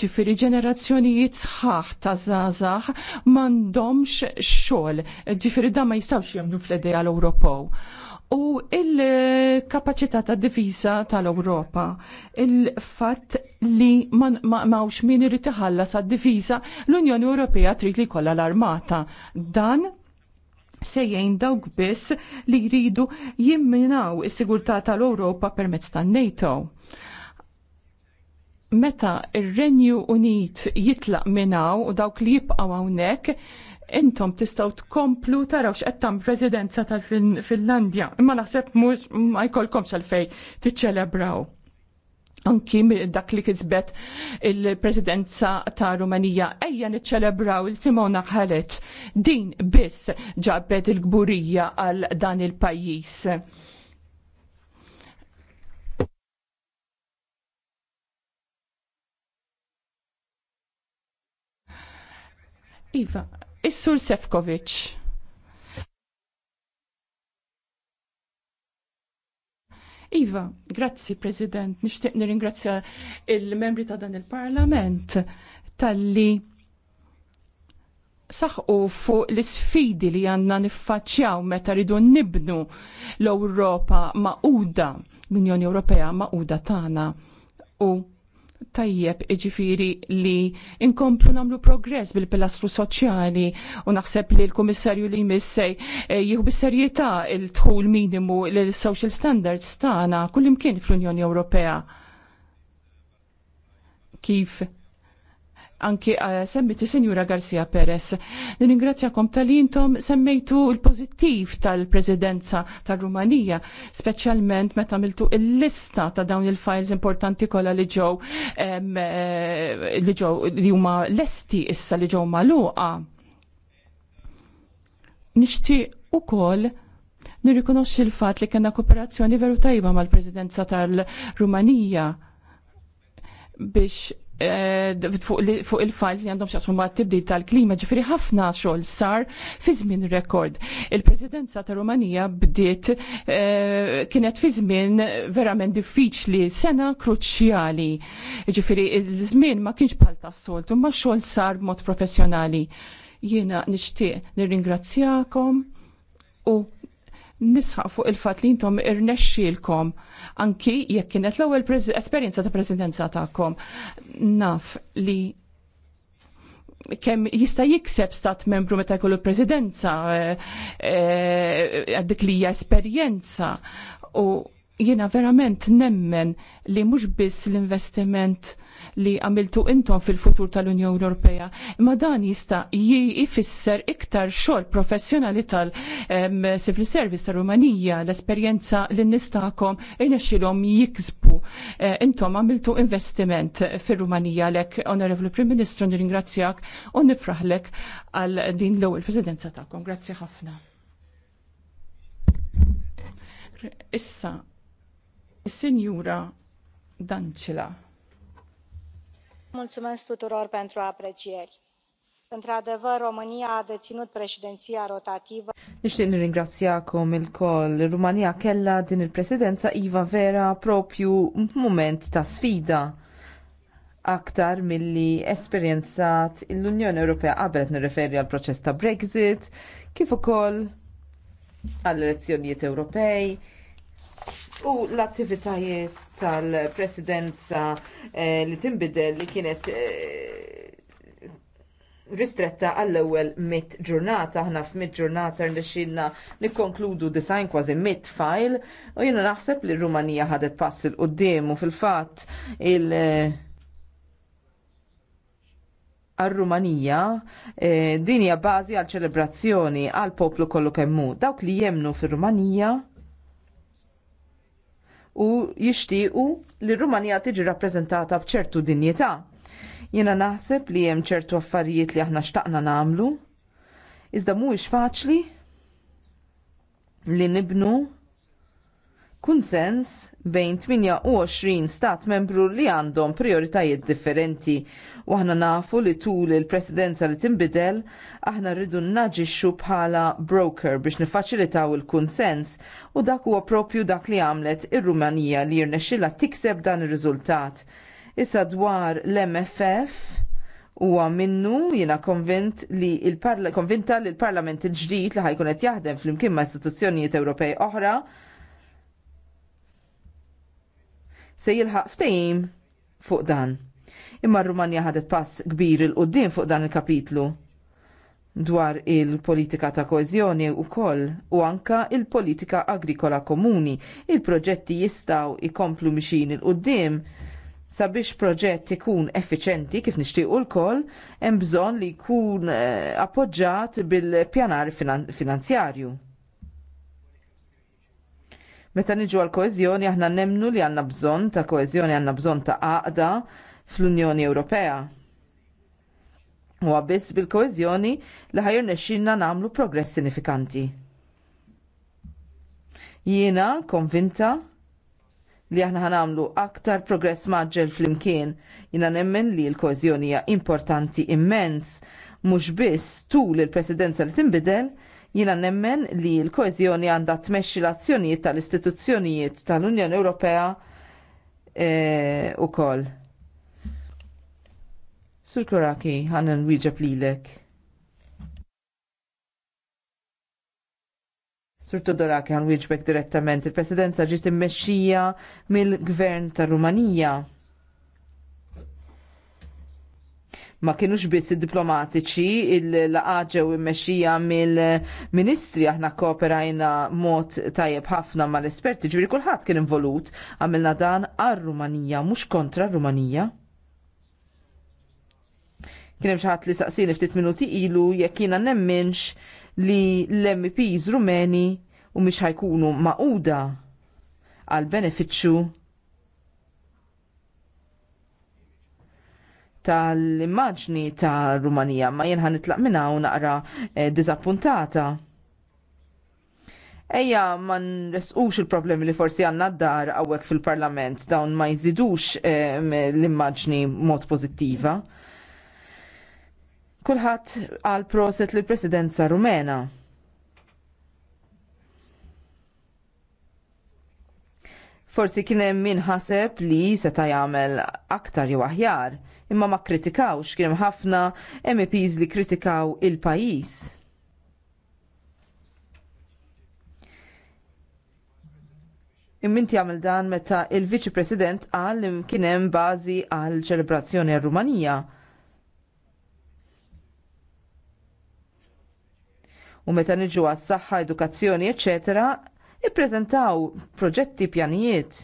ġifiri ġenerazzjonijiet sħaħ ta' zazax mandomx xol, ġifiri da ma jistawx jemnu fl-ideja l-Ewropew. U il-kapacità ta' divisa tal-Ewropa, il-fatt li mawx min irrid iħallas sa' divisa l-Unjoni Ewropea trid li kollha l-armata. Dan sejjejn dawk biss li jridu jimminaw is-sigurtà tal-Ewropa permezz tan-NATO meta il renju Unit jitlaq minnaw u dawk li jibqgħu hawnhekk, intom tistaw tkomplu taraw xqettam prezidenza tal-Finlandja. Imma naħseb mux ma jkollkomx għalfej tiċċelebraw. Anki dak li kisbet il-prezidenza ta' Rumanija, ejja niċċelebraw il-Simona ħalet din biss ġabet il-gburija għal dan il-pajis. Iva, Is-Sur Sefkovic. Iva, grazzi President, nishtiq nirringrazzja il-membri ta' dan il-Parlament tal-li saħqu fuq l-sfidi li għanna niffaċċjaw meta ridu nibnu l-Ewropa maquda, l-Unjoni Ewropea maquda tagħna u tajjeb iġifiri li inkomplu namlu progress bil-pilastru soċjali u naħseb li l-komissarju li jmissej eh, jieħu bis-serjetà il-tħul minimu l-social standards tagħna kullimkien fl-Unjoni Ewropea. Kif anki eh, il senjura Garcia Perez. Nirringrazzjakom tal-intom semmejtu il-pozittiv tal-Presidenza tal-Rumanija, speċjalment meta miltu il-lista ta' dawn il-files importanti kollha li ġew eh, li ġew li huma lesti issa li ġew magħluqa. u ukoll nirrikonoxxi l-fatt li kellna kooperazzjoni veru tajba mal-Presidenza tal-Rumanija biex Eh, fuq il-files li għandhom xaqsmu ma' tibdi tal-klima ġifiri ħafna xogħol sar fi żmien rekord. Il-Presidenza ta' Rumanija bdiet eh, kienet fi żmien verament diffiċli, sena kruċjali. Ġifiri il-żmien ma kienx bħal tas-soltu, ma xogħol sar b'mod professjonali. Jiena nixtieq nirringrazzjakom u nisħaq fuq il-fat li jintom irnexxilkom anki jekk kienet l-ewwel esperjenza ta' preżidenza tagħkom naf li kemm jista' jikseb stat membru meta jkollu preżidenza għad eh, eh, dik li hija esperjenza u Jiena verament nemmen li mhux biss l-investiment li għamiltu intom fil-futur tal-Unjoni Ewropea, Ma dan jista' jifisser iktar xogħol professjonali tal-Civil Service ta' Rumanija, l-esperjenza li nistakom inexxilhom jiksbu. Eh, intom għamiltu investiment fir-Rumanija lek, Onorevoli Prim Ministru, nirringrazzjak u nifraħlek għal din l-ewwel presidenza tagħkom. Grazzi ħafna. Issa Signora Dancila. Mulțumesc tuturor pentru aprecieri. Într-adevăr, România a deținut președinția rotativă. Nixtieq nirringrazzjakom il-koll. Rumanija kellha din il-presidenza iva vera propju mument ta' sfida aktar milli esperjenzat l-Unjoni Ewropea qabel nirreferi għal proċess ta' Brexit, kif ukoll għall elezzjonijiet Ewropej, u l-attivitajiet tal-presidenza eh, li tinbidel li kienet eh, ristretta għall-ewwel mit ġurnata, aħna f'mitt ġurnata li nikkonkludu design kważi mit file u jiena naħseb li r-Rumanija ħadet pass il qudiem u fil-fatt il- għal-Rumanija eh, eh dinja bażi għal ċelebrazzjoni għal poplu kollu kemm hu. Dawk li jemnu fir-Rumanija u jixtiequ li Rumanija tiġi rappreżentata b'ċertu dinjità. Jiena naħseb li hemm ċertu affarijiet li aħna xtaqna nagħmlu, iżda mhuwiex faċli li nibnu kunsens bejn 28 stat membru li għandhom prioritajiet differenti. U aħna nafu li tul il-presidenza li tinbidel, aħna rridu naġixxu bħala broker biex nifaċilitaw il-kunsens u dak huwa propju dak li għamlet ir-Rumanija li jirnexxilha tikseb dan ir-riżultat. Issa dwar l-MFF, huwa minnu jiena konvint li il konvinta li l-Parlament il-ġdid li ħajkun qed jaħdem flimkien ma' istituzzjonijiet Ewropej oħra se jilħaq ftehim fuq dan. Imma r ħadet pass kbir il-qoddim fuq dan il-kapitlu dwar il-politika ta' koezjoni u koll u anka il-politika agrikola komuni. Il-proġetti jistaw ikomplu mixin il-qoddim sabiex proġett ikun effiċenti kif nixtiequ l-koll, hemm bżonn li jkun eh, appoġġjat bil-pjanar finanzjarju. Meta niġu għal koezjoni aħna nemnu li għandna bżonn ta' koezjoni għandna bżonn ta' għaqda fl-Unjoni Ewropea. Huwa biss bil koezjoni li ħajr nexxinna nagħmlu progress sinifikanti. Jiena konvinta li aħna ħanamlu aktar progress maġġel fl-imkien. Jina nemmen li l koezjoni hija importanti immens, mhux biss tul il-presidenza li tinbidel, Jiena nemmen li l-koezjoni għandha tmexxi l-azzjonijiet tal-istituzzjonijiet tal-Unjoni Ewropea e, Sur Kuraki, ħanna nwieġeb lilek. Sur Todoraki għan wieġbek direttament, il-presidenza ġiet immexxija mill-gvern tar Rumanija. ma kienux biss diplomatiċi il-laqat ġew immexxija mill-ministri aħna kooperajna mod tajjeb ħafna mal-esperti ġviri kulħadd kien involut għamilna dan għar-Rumanija mhux kontra r-Rumanija. Kien hemm xi ħadd li saqsini ftit minuti ilu jekk jiena nemminx li l-MPs Rumeni u mhix ħajkunu maquda għal benefiċċju tal-immaġni ta' Rumanija, ma jenħan nitlaq minn u naqra eh, diżappuntata. Ejja, ma nresqux il-problemi li forsi għanna d-dar għawek fil-parlament, dawn ma jizidux eh, l-immaġni mod pozittiva. Kulħadd għal proset li presidenza rumena. Forsi kien hemm min ħaseb li seta' jagħmel aktar jew aħjar imma ma kritikawx kien ħafna MEPs li kritikaw il-pajis. Imminti għamil dan meta il-Viċi President għal hemm bazi għal ċelebrazzjoni għal Rumanija. U meta niġu għas saħħa edukazzjoni, eccetera, ippreżentaw proġetti pjanijiet.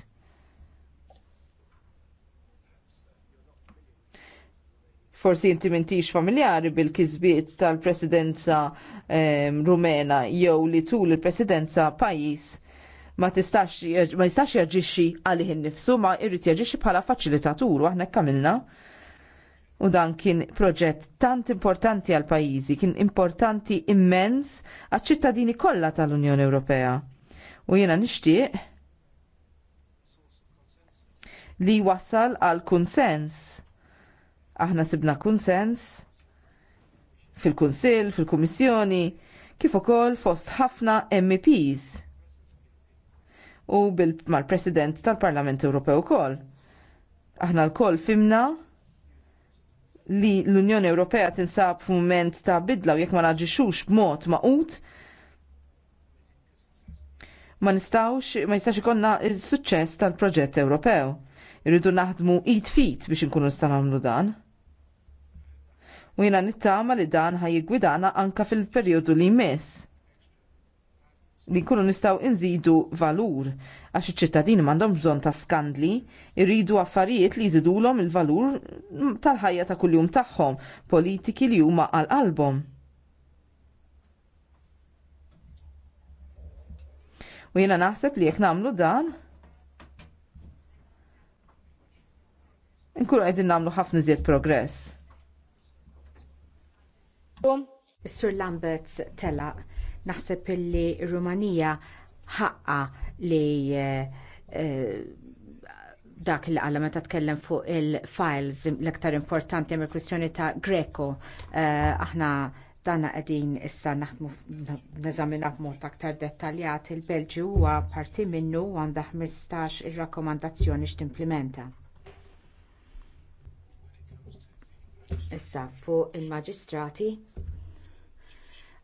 forsi inti mintix familjari bil-kizbiet tal-presidenza um, rumena jew li tul il-presidenza pajis ma tistax ma jistax jaġixxi għalih innifsu ma jrid jaġixxi bħala faċilitatur aħna kamilna. U dan kien proġett tant importanti għal pajjiżi, kien importanti immens għaċ ċittadini kollha tal-Unjoni Ewropea. U jiena nixtieq li wasal għal kunsens Aħna sibna kunsens fil-Kunsill, fil-Kummissjoni, kif ukoll fost ħafna MEPs u mal-President tal-Parlament Ewropew ukoll. Aħna lkoll fimna li l-Unjoni Ewropea tinsab f'mument ta' bidla u jekk ma naġixux b'mod maqut ma nistawx ma jistax ikonna il-suċċess tal-proġett Ewropew. Irridu naħdmu id fit biex inkunu nista' dan u jiena nittama li dan jiggwidana anke fil-perjodu li jmiss li nkunu nistgħu nżidu valur għax iċ-ċittadini m'għandhom bżonn ta' skandli, irridu affarijiet li jżidulhom il-valur tal-ħajja ta' kuljum tagħhom, politiki li huma għal qalbhom. U jiena naħseb li jekk nagħmlu dan, nkunu qegħdin nagħmlu ħafna iżjed progress. Sur Lamberts tela, naħseb illi Rumanija ħaqqa li eh, eh, dak li għalla meta tkellem fuq il-files l-aktar importanti mill kwistjoni ta' Greco. Eh, aħna danna qegħdin issa naħdmu neżamina b'mod aktar dettaljat il-Belġju huwa parti minnu għandha 15 ir-rakkomandazzjoni x'timplementa. Issa fuq il-maġistrati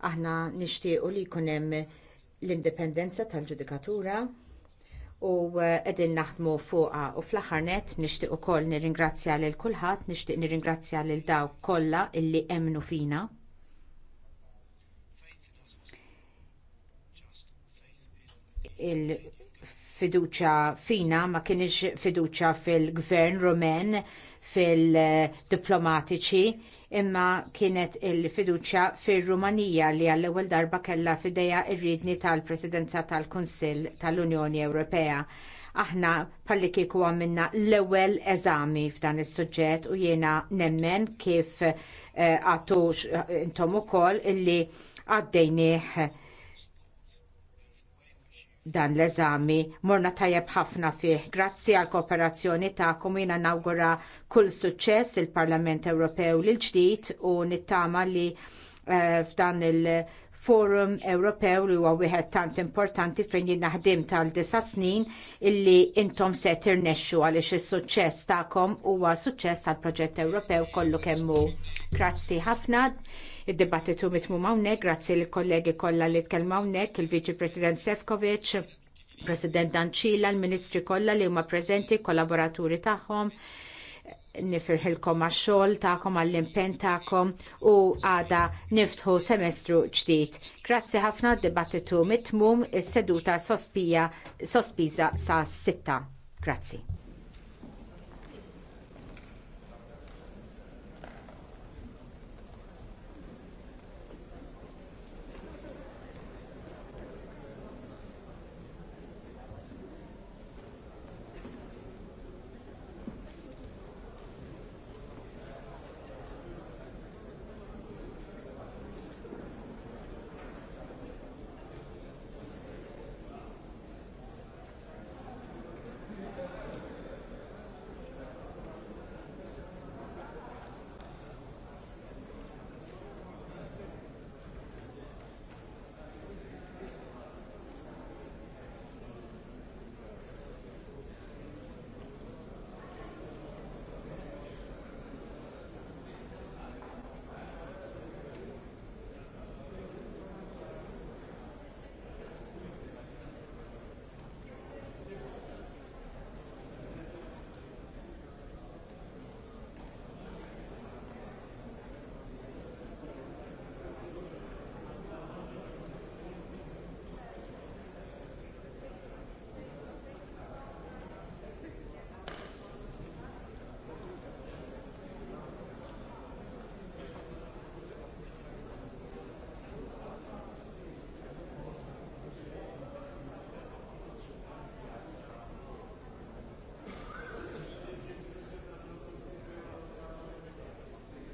aħna nixtiequ li jkun hemm l-indipendenza tal-ġudikatura u eh, qegħdin naħdmu fuqha u fl-aħħar nett nixtieq ukoll nirringrazzja lil kulħadd, nixtieq nirringrazzja lil dawk kollha illi emmnu fina. il-fiduċa fina ma kienx fiduċja fil-gvern rumen fil-diplomatiċi imma kienet il fiduċja fir-Rumanija li għall-ewwel darba kellha f'idejha r riedni tal-Presidenza tal-Kunsill tal-Unjoni Ewropea. Aħna palli kieku għamilna l-ewwel eżami f'dan is-suġġett u jiena nemmen kif eh, għatux eh, intom ukoll illi għaddejnieh dan l-eżami morna tajjeb ħafna fih. Grazzi għal kooperazzjoni tagħkom jiena nawgura kull suċċess il-Parlament Ewropew l ġdid u nittama li eh, f'dan il-Forum Ewropew li huwa wieħed tant importanti fejn jien naħdim tal disa snin illi intom se tirnexxu għaliex is-suċċess tagħkom huwa suċċess għall proġett Ewropew kollu kemm hu. Grazzi ħafna. Id-dibattitu mitmu hawnhekk, grazzi lill kollegi kollha li tkellmu hawnhekk, il-Viċi President Sefcovic, President Danċila, l-Ministri kollha li huma preżenti, kollaboraturi tagħhom nifirħilkom għax xogħol tagħkom għall impenn tagħkom u għada niftħu semestru ġdid. Grazzi ħafna d-dibattitu mitmum is-seduta sospiża sa' sitta. Grazzi.